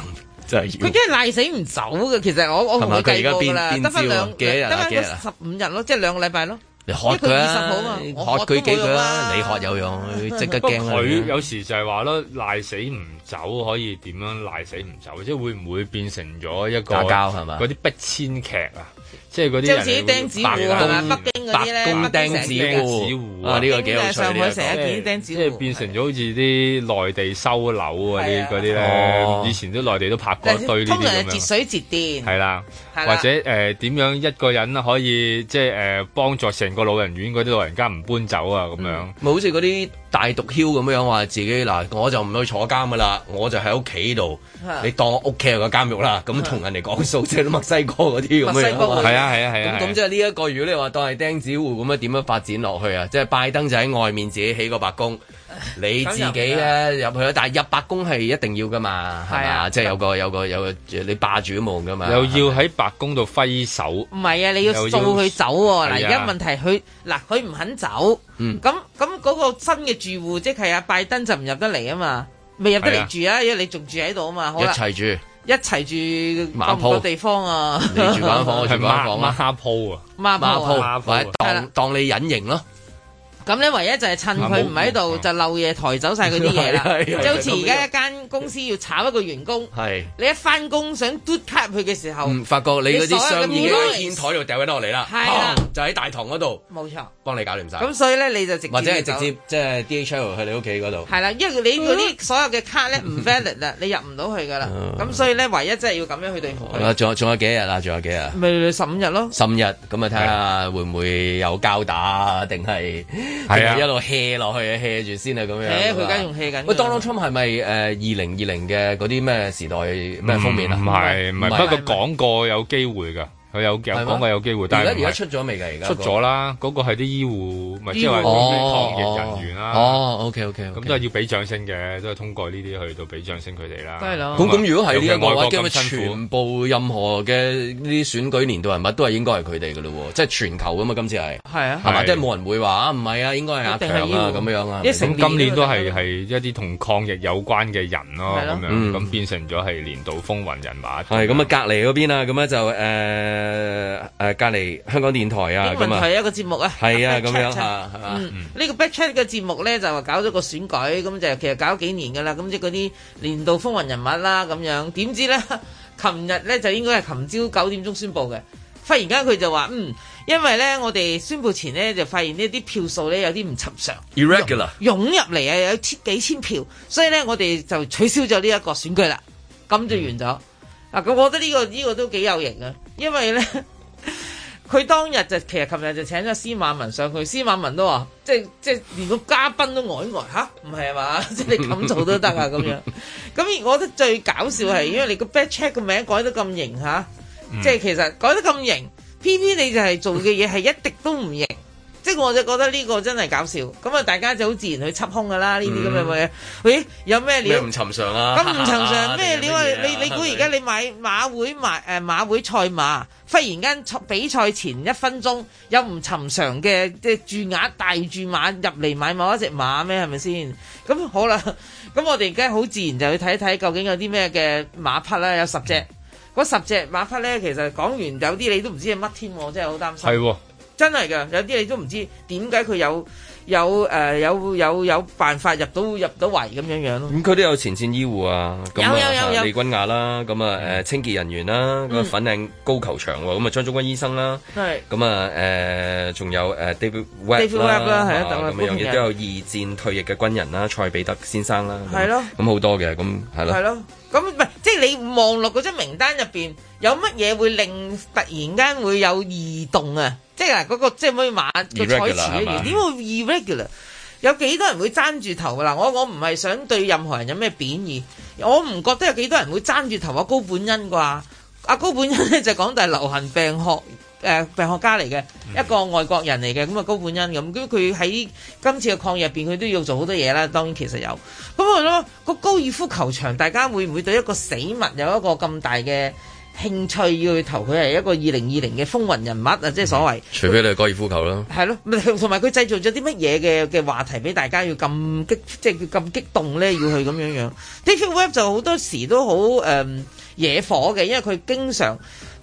佢真係賴死唔走嘅，其實我我同佢計過啦，得返兩得返個十五日咯，日啊、即係兩個禮拜咯。你學佢啊，學佢幾句啊，你學有用，即刻驚啊！佢有時就係話咯，賴死唔走，可以點樣賴死唔走？即係會唔會變成咗一個？打交係嘛？嗰啲逼遷劇啊，即係嗰啲。就好似釘子戶啊，北京嗰啲咧，釘子戶啊，呢個幾有趣呢？即係變成咗好似啲內地收樓啊啲啲咧，以前啲內地都拍過一堆，呢啲咁樣，通常係節水節電。係啦。或者誒點、呃、樣一個人可以即係誒幫助成個老人院嗰啲老人家唔搬走啊咁樣？唔、嗯、好似嗰啲大毒梟咁樣話自己嗱，我就唔去坐監噶啦，我就喺屋企度，啊、你當我屋企係個監獄啦。咁同人哋講數即係、啊、墨西哥嗰啲咁樣，係啊係啊係啊。咁即係呢一個，如果你話當係釘子戶咁樣點樣發展落去啊？即係拜登就喺外面自己起個白宮。你自己咧入去，但係入白宮係一定要噶嘛，係嘛？即係有個有個有個你霸主夢噶嘛？又要喺白宮度揮手？唔係啊，你要掃佢走。嗱，而家問題係佢嗱，佢唔肯走。咁咁嗰個新嘅住戶即係阿拜登就唔入得嚟啊嘛，未入得嚟住啊，因為你仲住喺度啊嘛。一齊住，一齊住，夾唔夾地方啊？你住間房，我住間房啊，孖鋪啊，孖鋪或者當你隱形咯。咁咧，唯一就係趁佢唔喺度，就漏夜抬走晒佢啲嘢啦。即係好似而家一間公司要炒一個員工，你一翻工想嘟卡 c a 佢嘅時候，發覺你嗰啲上已經喺煙台度掉緊落嚟啦，就喺大堂嗰度，冇錯，幫你搞掂晒。咁所以咧，你就直接或者係直接即係 DHL 去你屋企嗰度。係啦，因為你嗰啲所有嘅卡咧唔 valid 啦，你入唔到去噶啦。咁所以咧，唯一真係要咁樣去對付。仲有仲有幾日啊？仲有幾日？咪十五日咯。十五日咁啊，睇下會唔會有交打定係？係啊， 一路 hea 落去 hea 住先啊，咁樣。誒移，佢而家仲 hea 緊。喂 ，Donald Trump 係咪誒二零二零嘅嗰啲咩時代咩封面啊？唔係唔係，不過講過有機會㗎。有有講過有機會，但係而家而家出咗未㗎？而家出咗啦，嗰個係啲醫護，咪即係嗰抗疫人員啦。哦，OK OK，咁都係要俾掌聲嘅，都係通過呢啲去到俾掌聲佢哋啦。係咁咁，如果係呢一個嘅話，全部任何嘅呢啲選舉年度人物都係應該係佢哋㗎咯喎，即係全球㗎嘛？今次係係啊，係嘛？即係冇人會話唔係啊，應該係阿強啊咁樣啊。今年都係係一啲同抗疫有關嘅人咯，咁樣咁變成咗係年度風雲人物。係咁啊，隔離嗰邊啊，咁咧就誒。誒誒、呃，隔離香港電台啊，咁啊，一個節目啊，係啊，咁樣嚇係嘛？啊嗯、個呢個 Backchat 嘅節目咧，就話、是、搞咗個選舉，咁就其實搞幾年噶啦。咁即係嗰啲年度風雲人物啦、啊，咁樣點知咧？琴日咧就應該係琴朝九點鐘宣佈嘅，忽然間佢就話嗯，因為咧我哋宣佈前呢，就發現數呢啲票數咧有啲唔尋常 irregular 湧入嚟啊，有千幾千票，所以咧我哋就取消咗呢一個選舉啦，咁就完咗嗱。咁、mm. 我覺得呢、這個呢、這個都幾有型啊！因為咧，佢當日就其實琴日就請咗司馬文上去。司馬文都話，即係即係連個嘉賓都呆、呃、呆、呃，嚇，唔係啊嘛， 即係你咁做都得啊咁樣。咁而我覺得最搞笑係，因為你個 bad check 個名改得咁型嚇，嗯、即係其實改得咁型，偏偏你就係做嘅嘢係一滴都唔型。 即係我就覺得呢個真係搞笑，咁啊大家就好自然去插空噶啦，呢啲咁嘅嘢。喂、哎，有咩料？咩唔尋常啊？咁唔尋常咩哈料啊？你你估而家你買馬會買誒馬會賽馬，忽然間比賽前一分鐘有唔尋常嘅即係注額大注馬入嚟買某一隻馬咩？係咪先？咁、 嗯、好啦，咁我哋而家好自然就去睇一睇究竟有啲咩嘅馬匹啦。有十隻，嗰十隻馬匹咧，其實講完有啲你都唔知係乜添，我真係好擔心。係喎。真係噶，有啲你都唔知點解佢有有誒有有有辦法入到入到圍咁樣樣咯。咁佢都有前線醫護啊，有有有利君雅啦，咁啊誒清潔人員啦，個粉嶺高球場喎，咁啊張中君醫生啦，係，咁啊誒仲有誒 David Webb 啦，係啊，咁樣亦都有二戰退役嘅軍人啦，蔡彼得先生啦，係咯，咁好多嘅，咁係咯。咁唔係，即係你望落張名單入邊有乜嘢會令突然間會有異動啊？即係嗱、嗰個，馬 Ir regular，個個即係可以話個賽事點會 irregular？吧有幾多人會爭住頭噶啦？我我唔係想對任何人有咩貶義，我唔覺得有幾多人會爭住頭啊，高本恩啩？阿高本恩咧 就講就係流行病學。誒，病學家嚟嘅、嗯、一個外國人嚟嘅，咁啊高本恩咁，佢喺今次嘅抗疫入邊，佢都要做好多嘢啦。當然其實有，咁咪咯個高爾夫球場，大家會唔會對一個死物有一個咁大嘅興趣要去投佢係一個二零二零嘅風雲人物啊？即係所謂、嗯，除非你係高爾夫球啦，係咯，同埋佢製造咗啲乜嘢嘅嘅話題俾大家要咁激，即係佢咁激動咧，要去咁樣樣。David Webb 就好多時都好誒、嗯、惹火嘅，因為佢經常。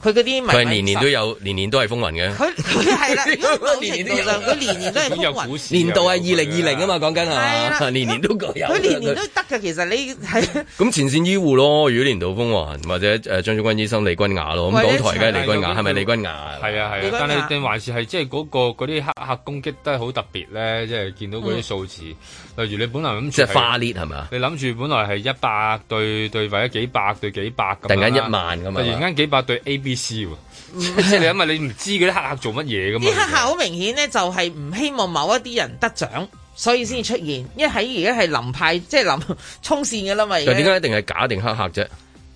佢啲唔年年都有，年年都係風雲嘅。佢佢啦，年年都佢年年都係風雲。年度係二零二零啊嘛，講緊啊，年年都各有。佢年年都得嘅，其實你係咁前線醫護咯，如果年度風雲或者誒張竹君醫生、利君雅咯，咁港台嘅利君雅係咪利君雅？係啊係，但係定還是係即係嗰個嗰啲黑客攻擊都係好特別咧，即係見到嗰啲數字，例如你本來咁即係化劣係咪？你諗住本來係一百對對或者幾百對幾百，突然間一萬咁啊！突然間幾百對 A B。事喎，即係因為你唔知嗰啲黑客做乜嘢噶嘛？啲黑客好明顯咧，就係唔希望某一啲人得獎，所以先至出現。因為喺而家係臨派，即係臨衝線噶啦嘛。又點解一定係假定黑客啫？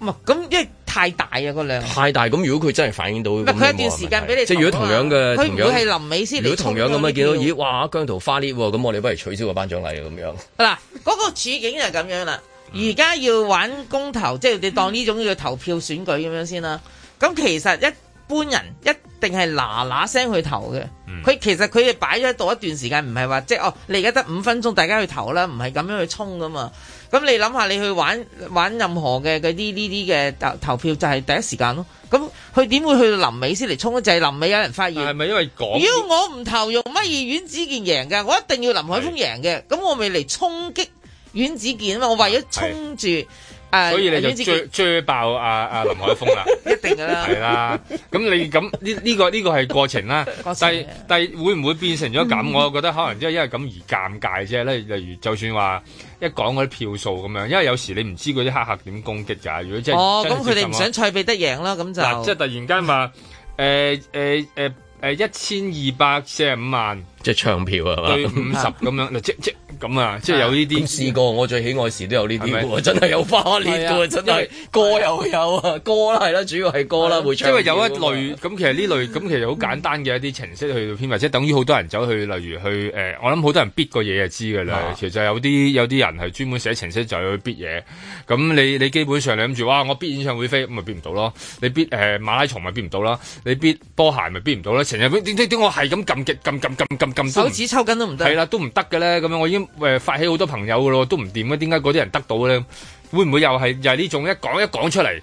唔係咁，因為太大啊，個量，太大。咁如果佢真係反映到，佢一段時間俾你，即係如果同樣嘅，佢唔會係臨尾先，如果同樣咁樣見到咦，哇，姜濤花裂，咁我哋不如取消個頒獎禮咁樣嗱。嗰個處境就係咁樣啦。而家要玩公投，即係你當呢種要投票選舉咁樣先啦。咁其實一般人一定係嗱嗱聲去投嘅，佢、嗯、其實佢哋擺咗喺度一段時間，唔係話即係哦，你而家得五分鐘，大家去投啦，唔係咁樣去衝噶嘛。咁你諗下，你去玩玩任何嘅嗰啲呢啲嘅投投票就係、是、第一時間咯。咁佢點會去到臨尾先嚟衝？就係臨尾有人發現，係咪因為講？妖、呃、我唔投用乜嘢？阮子健贏嘅，我一定要林海峰贏嘅。咁是我未嚟衝擊阮子健啊嘛！我為咗衝住。所以你就追追爆阿阿林海峰啦，一定噶啦，係啦。咁你咁呢呢個呢個係過程啦。但係但係會唔會變成咗咁？我又覺得可能即係因為咁而尷尬啫。咧例如就算話一講嗰啲票數咁樣，因為有時你唔知嗰啲黑客點攻擊噶。如果真係，咁佢哋唔想賽比得贏啦，咁就即係突然間話誒誒誒誒一千二百四十五萬。即係唱票啊，五十咁樣，即即咁啊，即係有呢啲。試過我最喜愛時都有呢啲真係有花蓮嘅，真係歌又有啊，歌啦係啦，主要係歌啦會唱。因為有一類咁其實呢類咁其實好簡單嘅一啲程式去編排，即係等於好多人走去例如去誒，我諗好多人逼個嘢就知㗎啦。其實有啲有啲人係專門寫程式就去逼嘢，咁你你基本上你諗住哇，我逼演唱會飛咁咪逼唔到咯，你逼誒馬拉松咪逼唔到啦，你逼波鞋咪逼唔到啦，成日點點點我係咁撳擊撳撳手指抽筋都唔得，係啦，都唔得嘅咧。咁樣我已經誒、呃、發起好多朋友嘅咯，都唔掂嘅。點解嗰啲人得到咧？會唔會又係又係呢種一講一講出嚟？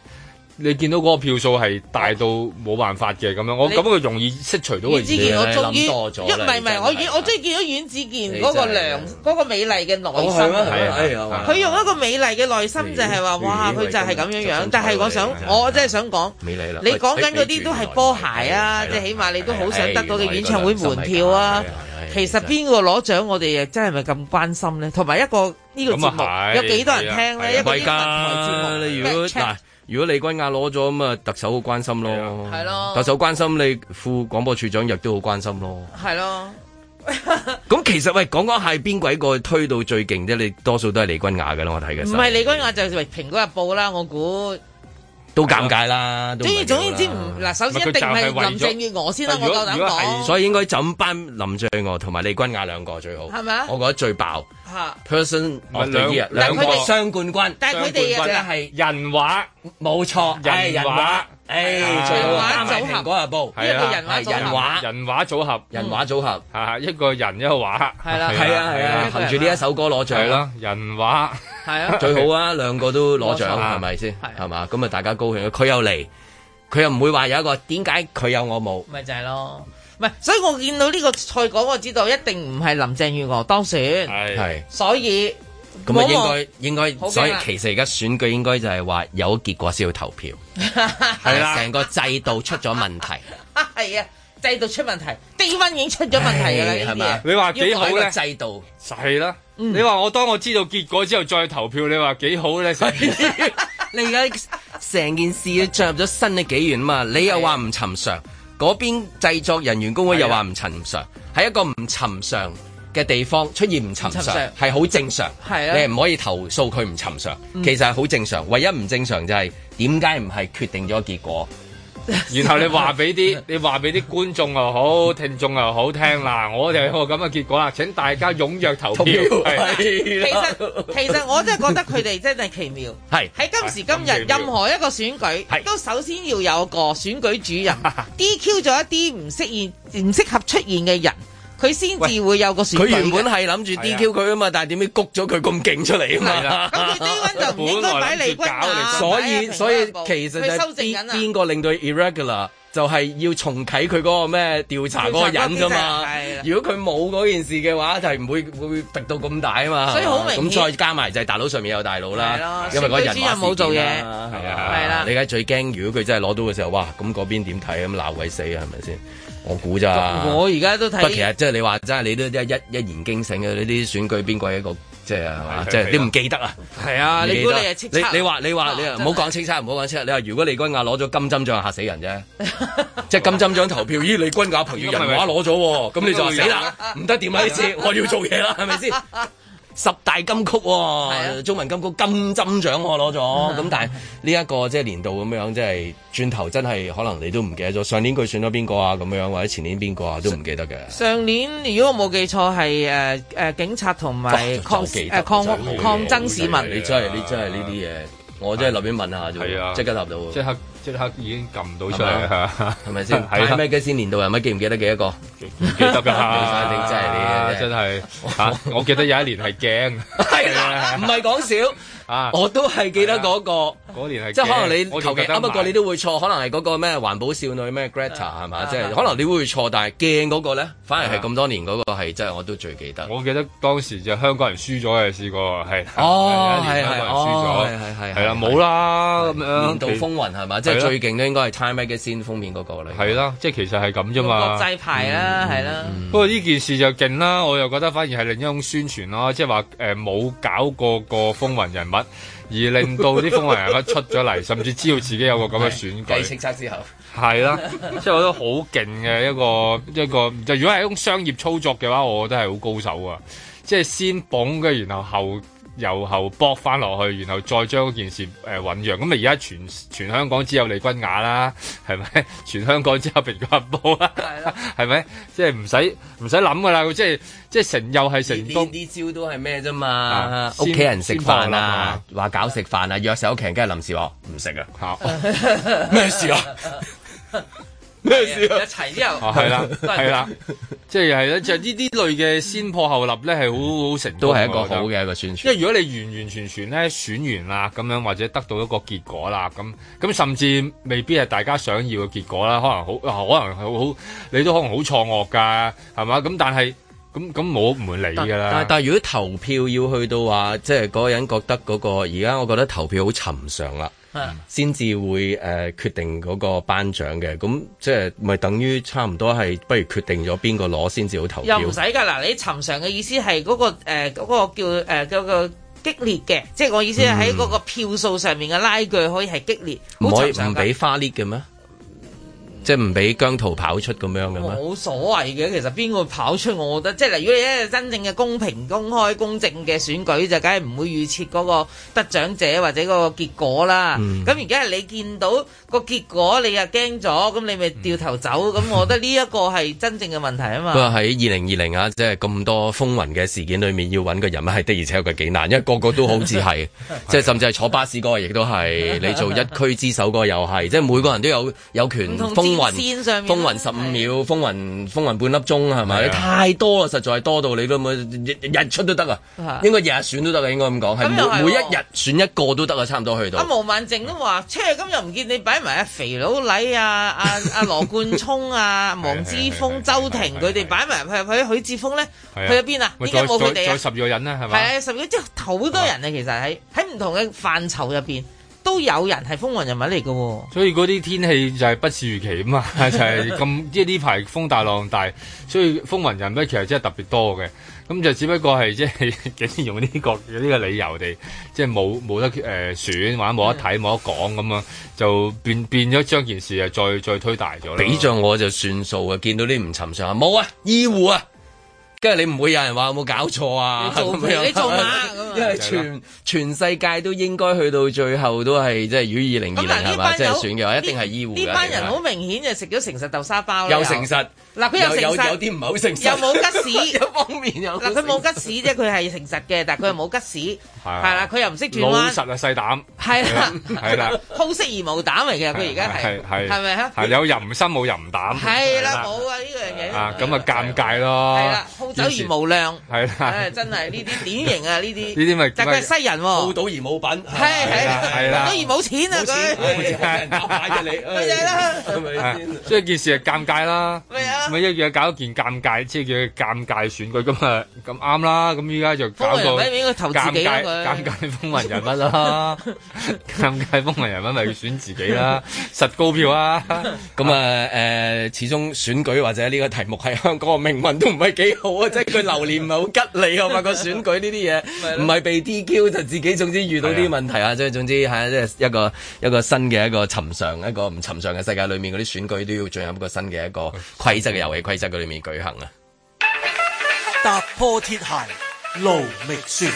你見到嗰個票數係大到冇辦法嘅咁樣，我感覺容易識除到佢。嘅嘢我終於一唔係唔係，我我中意見到阮子健嗰個良嗰個美麗嘅內心。佢用一個美麗嘅內心就係話：哇！佢就係咁樣樣。但係我想，我真係想講，你講緊嗰啲都係波鞋啊！即係起碼你都好想得到嘅演唱會門票啊！其實邊個攞獎，我哋真係咪咁關心咧？同埋一個呢個節目有幾多人聽咧？一個新聞台節目。如果李君雅攞咗咁啊，特首好關心咯，係咯，特首關心你副廣播處長亦都好關心咯，係咯。咁其實喂，講講係邊鬼個推到最勁啫？你多數都係李君雅嘅啦，我睇緊。唔係李君雅就係蘋果日報啦，我估都尷尬啦。總總之唔嗱，首先一定係林鄭月娥先啦，我夠膽。所以應該就咁頒林鄭月娥同埋李君雅兩個最好，係咪啊？我覺得最爆。吓，person，兩日，但係佢哋雙冠軍，但係佢哋嘅就係人話，冇錯，係人話，誒，人話組合嗰蘋果日報，因為佢人話組合，人話組合，人話組合，吓吓，一個人一個話，係啦，係啊，係啊，憑住呢一首歌攞獎咯，人話，係啊，最好啊，兩個都攞獎，係咪先？係嘛，咁啊，大家高興，佢又嚟，佢又唔會話有一個，點解佢有我冇？咪就係咯。唔係，所以我見到呢個賽果，我知道一定唔係林鄭月娥當選。係係，所以咁啊，應該應該，所以其實而家選舉應該就係話有結果先要投票。係啦，成個制度出咗問題。係啊，制度出問題，低溫已經出咗問題啦。呢啲嘢，你話幾好咧？制度係啦。你話我當我知道結果之後再投票，你話幾好咧？你而家成件事進入咗新嘅紀元啊嘛？你又話唔尋常？嗰邊製作人員公會又話唔尋常，喺、啊、一個唔尋常嘅地方出現唔尋常，係好正常。啊、你唔可以投訴佢唔尋常，其實係好正常。唯一唔正常就係點解唔係決定咗結果？然後你話俾啲，你話俾啲觀眾又好，聽眾又好聽啦。我就有咁嘅結果啦，請大家踴躍投票。其實其實我真係覺得佢哋真係奇妙。係喺今時今日，任何一個選舉都首先要有個選舉主任，DQ 咗一啲唔適宜、唔適合出現嘅人。佢先至會有個選，佢原本係諗住 DQ 佢啊嘛，但係點樣谷咗佢咁勁出嚟啊嘛？咁佢 DQ 就唔應該擺嚟搞啊！所以所以其實係邊個令到 Irregular 就係要重啟佢嗰個咩調查嗰個人㗎嘛？如果佢冇嗰件事嘅話，就係唔會會逼到咁大啊嘛！所以好明顯，咁再加埋就係大佬上面有大佬啦，因為個人物冇做嘢係啊，係啦。你而家最驚，如果佢真係攞到嘅時候，哇！咁嗰邊點睇咁鬧鬼死啊？係咪先？我估咋？我而家都睇。不其實即係你話，真係你都一一一言驚醒嘅呢啲選舉，邊個係一個即係即係你唔記得啊？係啊，你係你你話你話你唔好講青山，唔好講青山。你話如果利君雅攞咗金針獎嚇死人啫，即係金針獎投票，咦，利君雅朋友人話攞咗，咁你就話死啦，唔得掂啦呢次，我要做嘢啦，係咪先？十大金曲喎、啊，啊、中文金曲金針獎我攞咗，咁、嗯、但係呢一個即係年度咁樣，即、就、係、是、轉頭真係可能你都唔記得咗，上年佢選咗邊個啊咁樣，或者前年邊個啊都唔記得嘅。上年如果我冇記錯係誒誒警察同埋抗、哦呃、抗抗爭市民。啊、你真係你真係呢啲嘢，啊、我真係諗住問下啫，即、啊啊、刻答到。即刻已經撳唔到出嚟啦，係咪先？係咩嘅先年度啊？乜記唔記得幾多個？唔記得㗎，真係你真係我記得有一年係驚，係唔係講笑，我都係記得嗰個嗰年係，即係可能你求其啱，不過你都會錯，可能係嗰個咩環保少女咩 Greta 係嘛？即係可能你會錯，但係驚嗰個咧，反而係咁多年嗰個係真係我都最記得。我記得當時就香港人輸咗嘅試過，係哦，係係係係係啦，冇啦年度風雲係嘛？即最勁都應該係《Time Magazine》封面嗰個嚟，係啦，即係其實係咁啫嘛。國際牌啦、啊，係啦、嗯。不過呢件事就勁啦，我又覺得反而係另一種宣傳啦、啊，即係話誒冇搞過個風雲人物，而令到啲風雲人物出咗嚟，甚至知道自己有個咁嘅選舉。計清曬之後，係啦，即係我覺得好勁嘅一個一個。一個如果係一種商業操作嘅話，我覺得係好高手啊，即係先捧嘅，然後後。由後搏翻落去，然後再將件事誒醞釀。咁、呃、啊，而家全全香港只有利君雅啦，係咪？全香港只有邊個冇啦？係咪對了？即係唔使唔使諗噶啦！即係即係成又係成功。啲招都係咩啫嘛？屋企人食飯啊，話搞食飯啊，約手屋企人梗係臨時我唔食啊。嚇咩 事啊？ 啊、一齊之後係、啊、啦，係 啦，即係係咧，就呢、係、啲類嘅先破後立咧，係好好成功，都係一個好嘅宣傳。因為如果你完完全全咧選完啦，咁樣或者得到一個結果啦，咁咁甚至未必係大家想要嘅結果啦，可能好可能好好，你都可能好錯愕噶，係嘛？咁但係咁咁冇唔會理噶啦。但係但係如果投票要去到話，即係嗰個人覺得嗰、嗰個而家，我覺得投票好尋常啦。先至會誒、呃、決定嗰個頒獎嘅，咁、嗯、即係咪等於差唔多係不如決定咗邊個攞先至好投票？又唔使㗎嗱，你尋常嘅意思係嗰、嗰個誒、呃嗰個、叫誒嗰、呃嗰個、激烈嘅，即係我意思係喺嗰個票數上面嘅拉鋸可以係激烈，嗯、唔可以唔俾花力嘅咩？即係唔俾姜濤跑出咁樣嘅咩？冇所謂嘅，其實邊個跑出我覺得，即係如果你真正嘅公平、公開、公正嘅選舉就梗係唔會預設嗰個得獎者或者個結果啦。咁而家你見到個結果你又驚咗，咁你咪掉頭走，咁、嗯、我覺得呢一個係真正嘅問題啊嘛。咁啊喺二零二零啊，即係咁多風雲嘅事件裏面，要揾個人物係的而且確幾難，因為個個都好似係， 即係甚至係坐巴士嗰個亦都係， 你做一區之首嗰個又係， 即係每個人都有有權封線上風雲十五秒，風雲風雲半粒鐘，係咪？太多啦，實在係多到你都冇日日出都得啊！應該日日選都得啦，應該咁講，係每每一日選一個都得啊，差唔多去到。阿毛孟靜都話，出係咁又唔見你擺埋阿肥佬黎啊，阿阿羅冠聰啊，黃之鋒、周庭佢哋擺埋，去佢許智峯咧，去咗邊啊？應該冇佢哋啊？再十個人啦，係咪？係啊，十即係好多人啊，其實喺喺唔同嘅範疇入邊。都有人係風雲人物嚟嘅、哦，所以嗰啲天氣就係不似預期啊嘛，就係咁即係呢排風大浪大，所以風雲人物其實真係特別多嘅。咁就只不過係即係幾時用呢、呢個呢、呢個理由嚟，即係冇冇得誒、呃、選，或者冇得睇、冇得講咁啊，樣就變變咗將件事又再再推大咗。俾仗我就算數啊，見到啲唔尋常啊，冇啊，醫護啊。因為你唔會有人話有冇搞錯啊？做你做乜咁嗎 因為全的全世界都應該去到最後都係即係與二零二零係嘛？即係選嘅話，一定係醫護。呢班人好明顯就食咗誠實豆沙包。又誠實。嗱佢又食誠食，又冇吉屎，一方面又嗱佢冇吉屎啫，佢係誠實嘅，但係佢又冇吉屎係啦，佢又唔識轉彎老實啊，細膽係啦係啦，好色而冇膽嚟嘅佢而家係係咪啊？有淫心冇淫膽係啦，冇啊呢樣嘢咁啊尷尬咯係啦，好酒而冇量係啦，真係呢啲典型啊呢啲呢啲咪但係西人喎，好賭而冇品係係係啦，賭而冇錢啊佢冇錢尷尬㗎你乜嘢啦？所以件事係尷尬啦，咪一樣搞一件尷尬，即係叫尷尬選舉咁、嗯嗯嗯嗯嗯嗯、啊，咁啱啦。咁依家就搞個尷尬，尷尬風雲人物啦、啊 啊。尷尬風雲人物咪要選自己啦、啊，實高票啊。咁啊誒，嗯嗯嗯、始終選舉或者呢個題目喺香港嘅命運都唔係幾好啊。 即係佢流年唔係好吉利啊。嘛。個選舉呢啲嘢唔係被 DQ 就自己，總之遇到啲問題啊。即係 總之係即係一個，一個，一，個一個新嘅一個尋常一個唔尋常嘅世界裏面嗰啲選舉都要進入一個新嘅一個規則。嘅遊戲規則裏面舉行啊！踏破鐵鞋路未絕，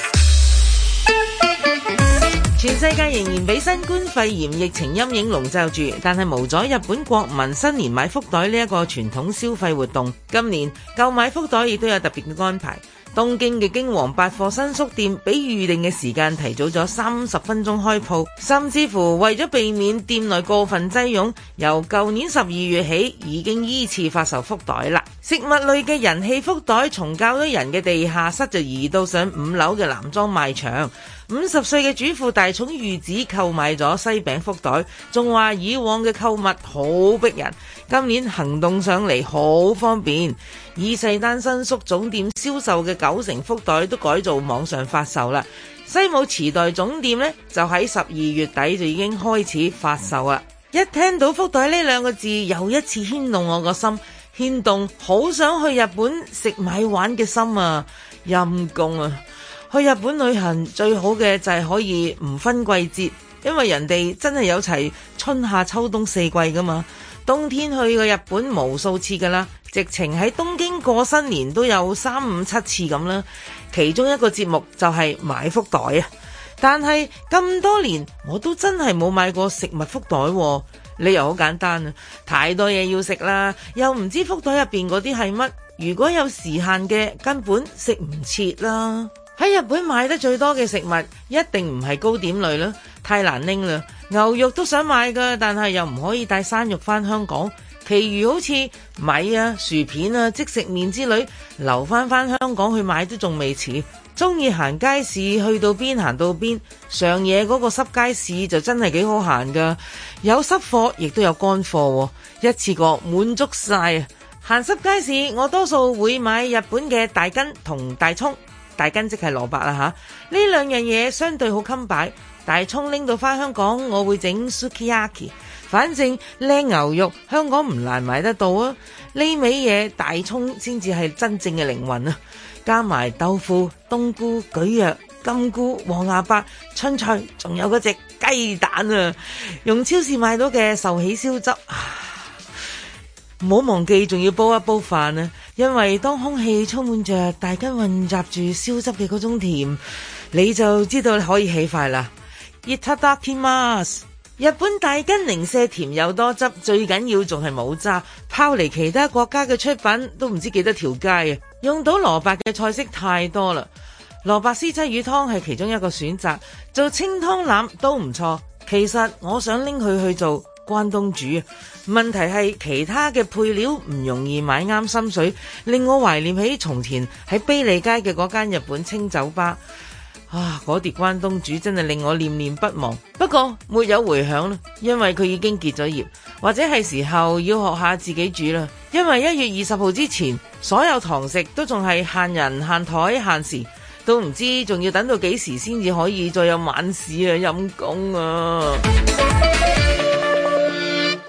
全世界仍然俾新冠肺炎疫情陰影籠罩住，但係無阻日本國民新年買福袋呢一個傳統消費活動。今年購買福袋亦都有特別嘅安排。東京嘅京王百貨新宿店，比預定嘅時間提早咗三十分鐘開鋪，甚至乎為咗避免店內過分擠擁，由舊年十二月起已經依次發售福袋啦。食物類嘅人氣福袋從較多人嘅地下室就移到上五樓嘅男裝賣場。五十歲嘅主婦大寵御子購買咗西餅福袋，仲話以往嘅購物好逼人，今年行動上嚟好方便。伊勢丹新宿總店銷售嘅九成福袋都改做網上發售啦。西武池袋總店呢，就喺十二月底就已經開始發售啦。一聽到福袋呢兩個字，又一次牽動我個心。天凍好想去日本食買玩嘅心啊！陰公啊，去日本旅行最好嘅就係可以唔分季節，因為人哋真係有齊春夏秋冬四季噶嘛。冬天去過日本無數次噶啦，直情喺東京過新年都有三五七次咁啦。其中一個節目就係買福袋啊，但係咁多年我都真係冇買過食物福袋啊。理由好簡單啊，太多嘢要食啦，又唔知福袋入邊嗰啲係乜。如果有時限嘅，根本食唔切啦。喺日本買得最多嘅食物一定唔係糕點類啦，太難拎啦。牛肉都想買㗎，但係又唔可以帶生肉返香港。其餘好似米啊、薯片啊、即食麵之類，留翻返香港去買都仲未遲。中意行街市，去到邊行到邊，上嘢嗰個濕街市就真係幾好行㗎，有濕貨，亦都有乾貨喎，一次過滿足晒。行濕街市，我多數會買日本嘅大根同大葱，大根即係蘿蔔啦嚇，呢、啊、兩樣嘢相對好襟擺。大葱拎到返香港，我會整 sukiyaki，反正靚牛肉香港唔難買得到啊，呢味嘢大葱先至係真正嘅靈魂啊！加埋豆腐、冬菇、蒟蒻、金菇、黃牙白、春菜，仲有嗰隻雞蛋啊！用超市買到嘅壽喜燒汁，唔好忘記仲要煲一煲飯啊！因為當空氣充滿着大根混雜住燒汁嘅嗰種甜，你就知道你可以起筷啦！Itadakimas！日本大根零舍甜又多汁，最緊要仲係冇渣，拋離其他國家嘅出品都唔知幾多條街啊！用到蘿蔔嘅菜式太多啦，蘿蔔絲鯽魚湯係其中一個選擇，做清湯腩都唔錯。其實我想拎佢去做關東煮啊，問題係其他嘅配料唔容易買啱心水，令我懷念起從前喺卑利街嘅嗰間日本清酒吧。啊！嗰碟，那個，關東煮真係令我念念不忘，不過沒有回響啦，因為佢已經結咗業，或者係時候要學下自己煮啦。因為一月二十號之前，所有堂食都仲係限人、限枱、限時，都唔知仲要等到幾時先至可以再有晚市啊，陰功啊！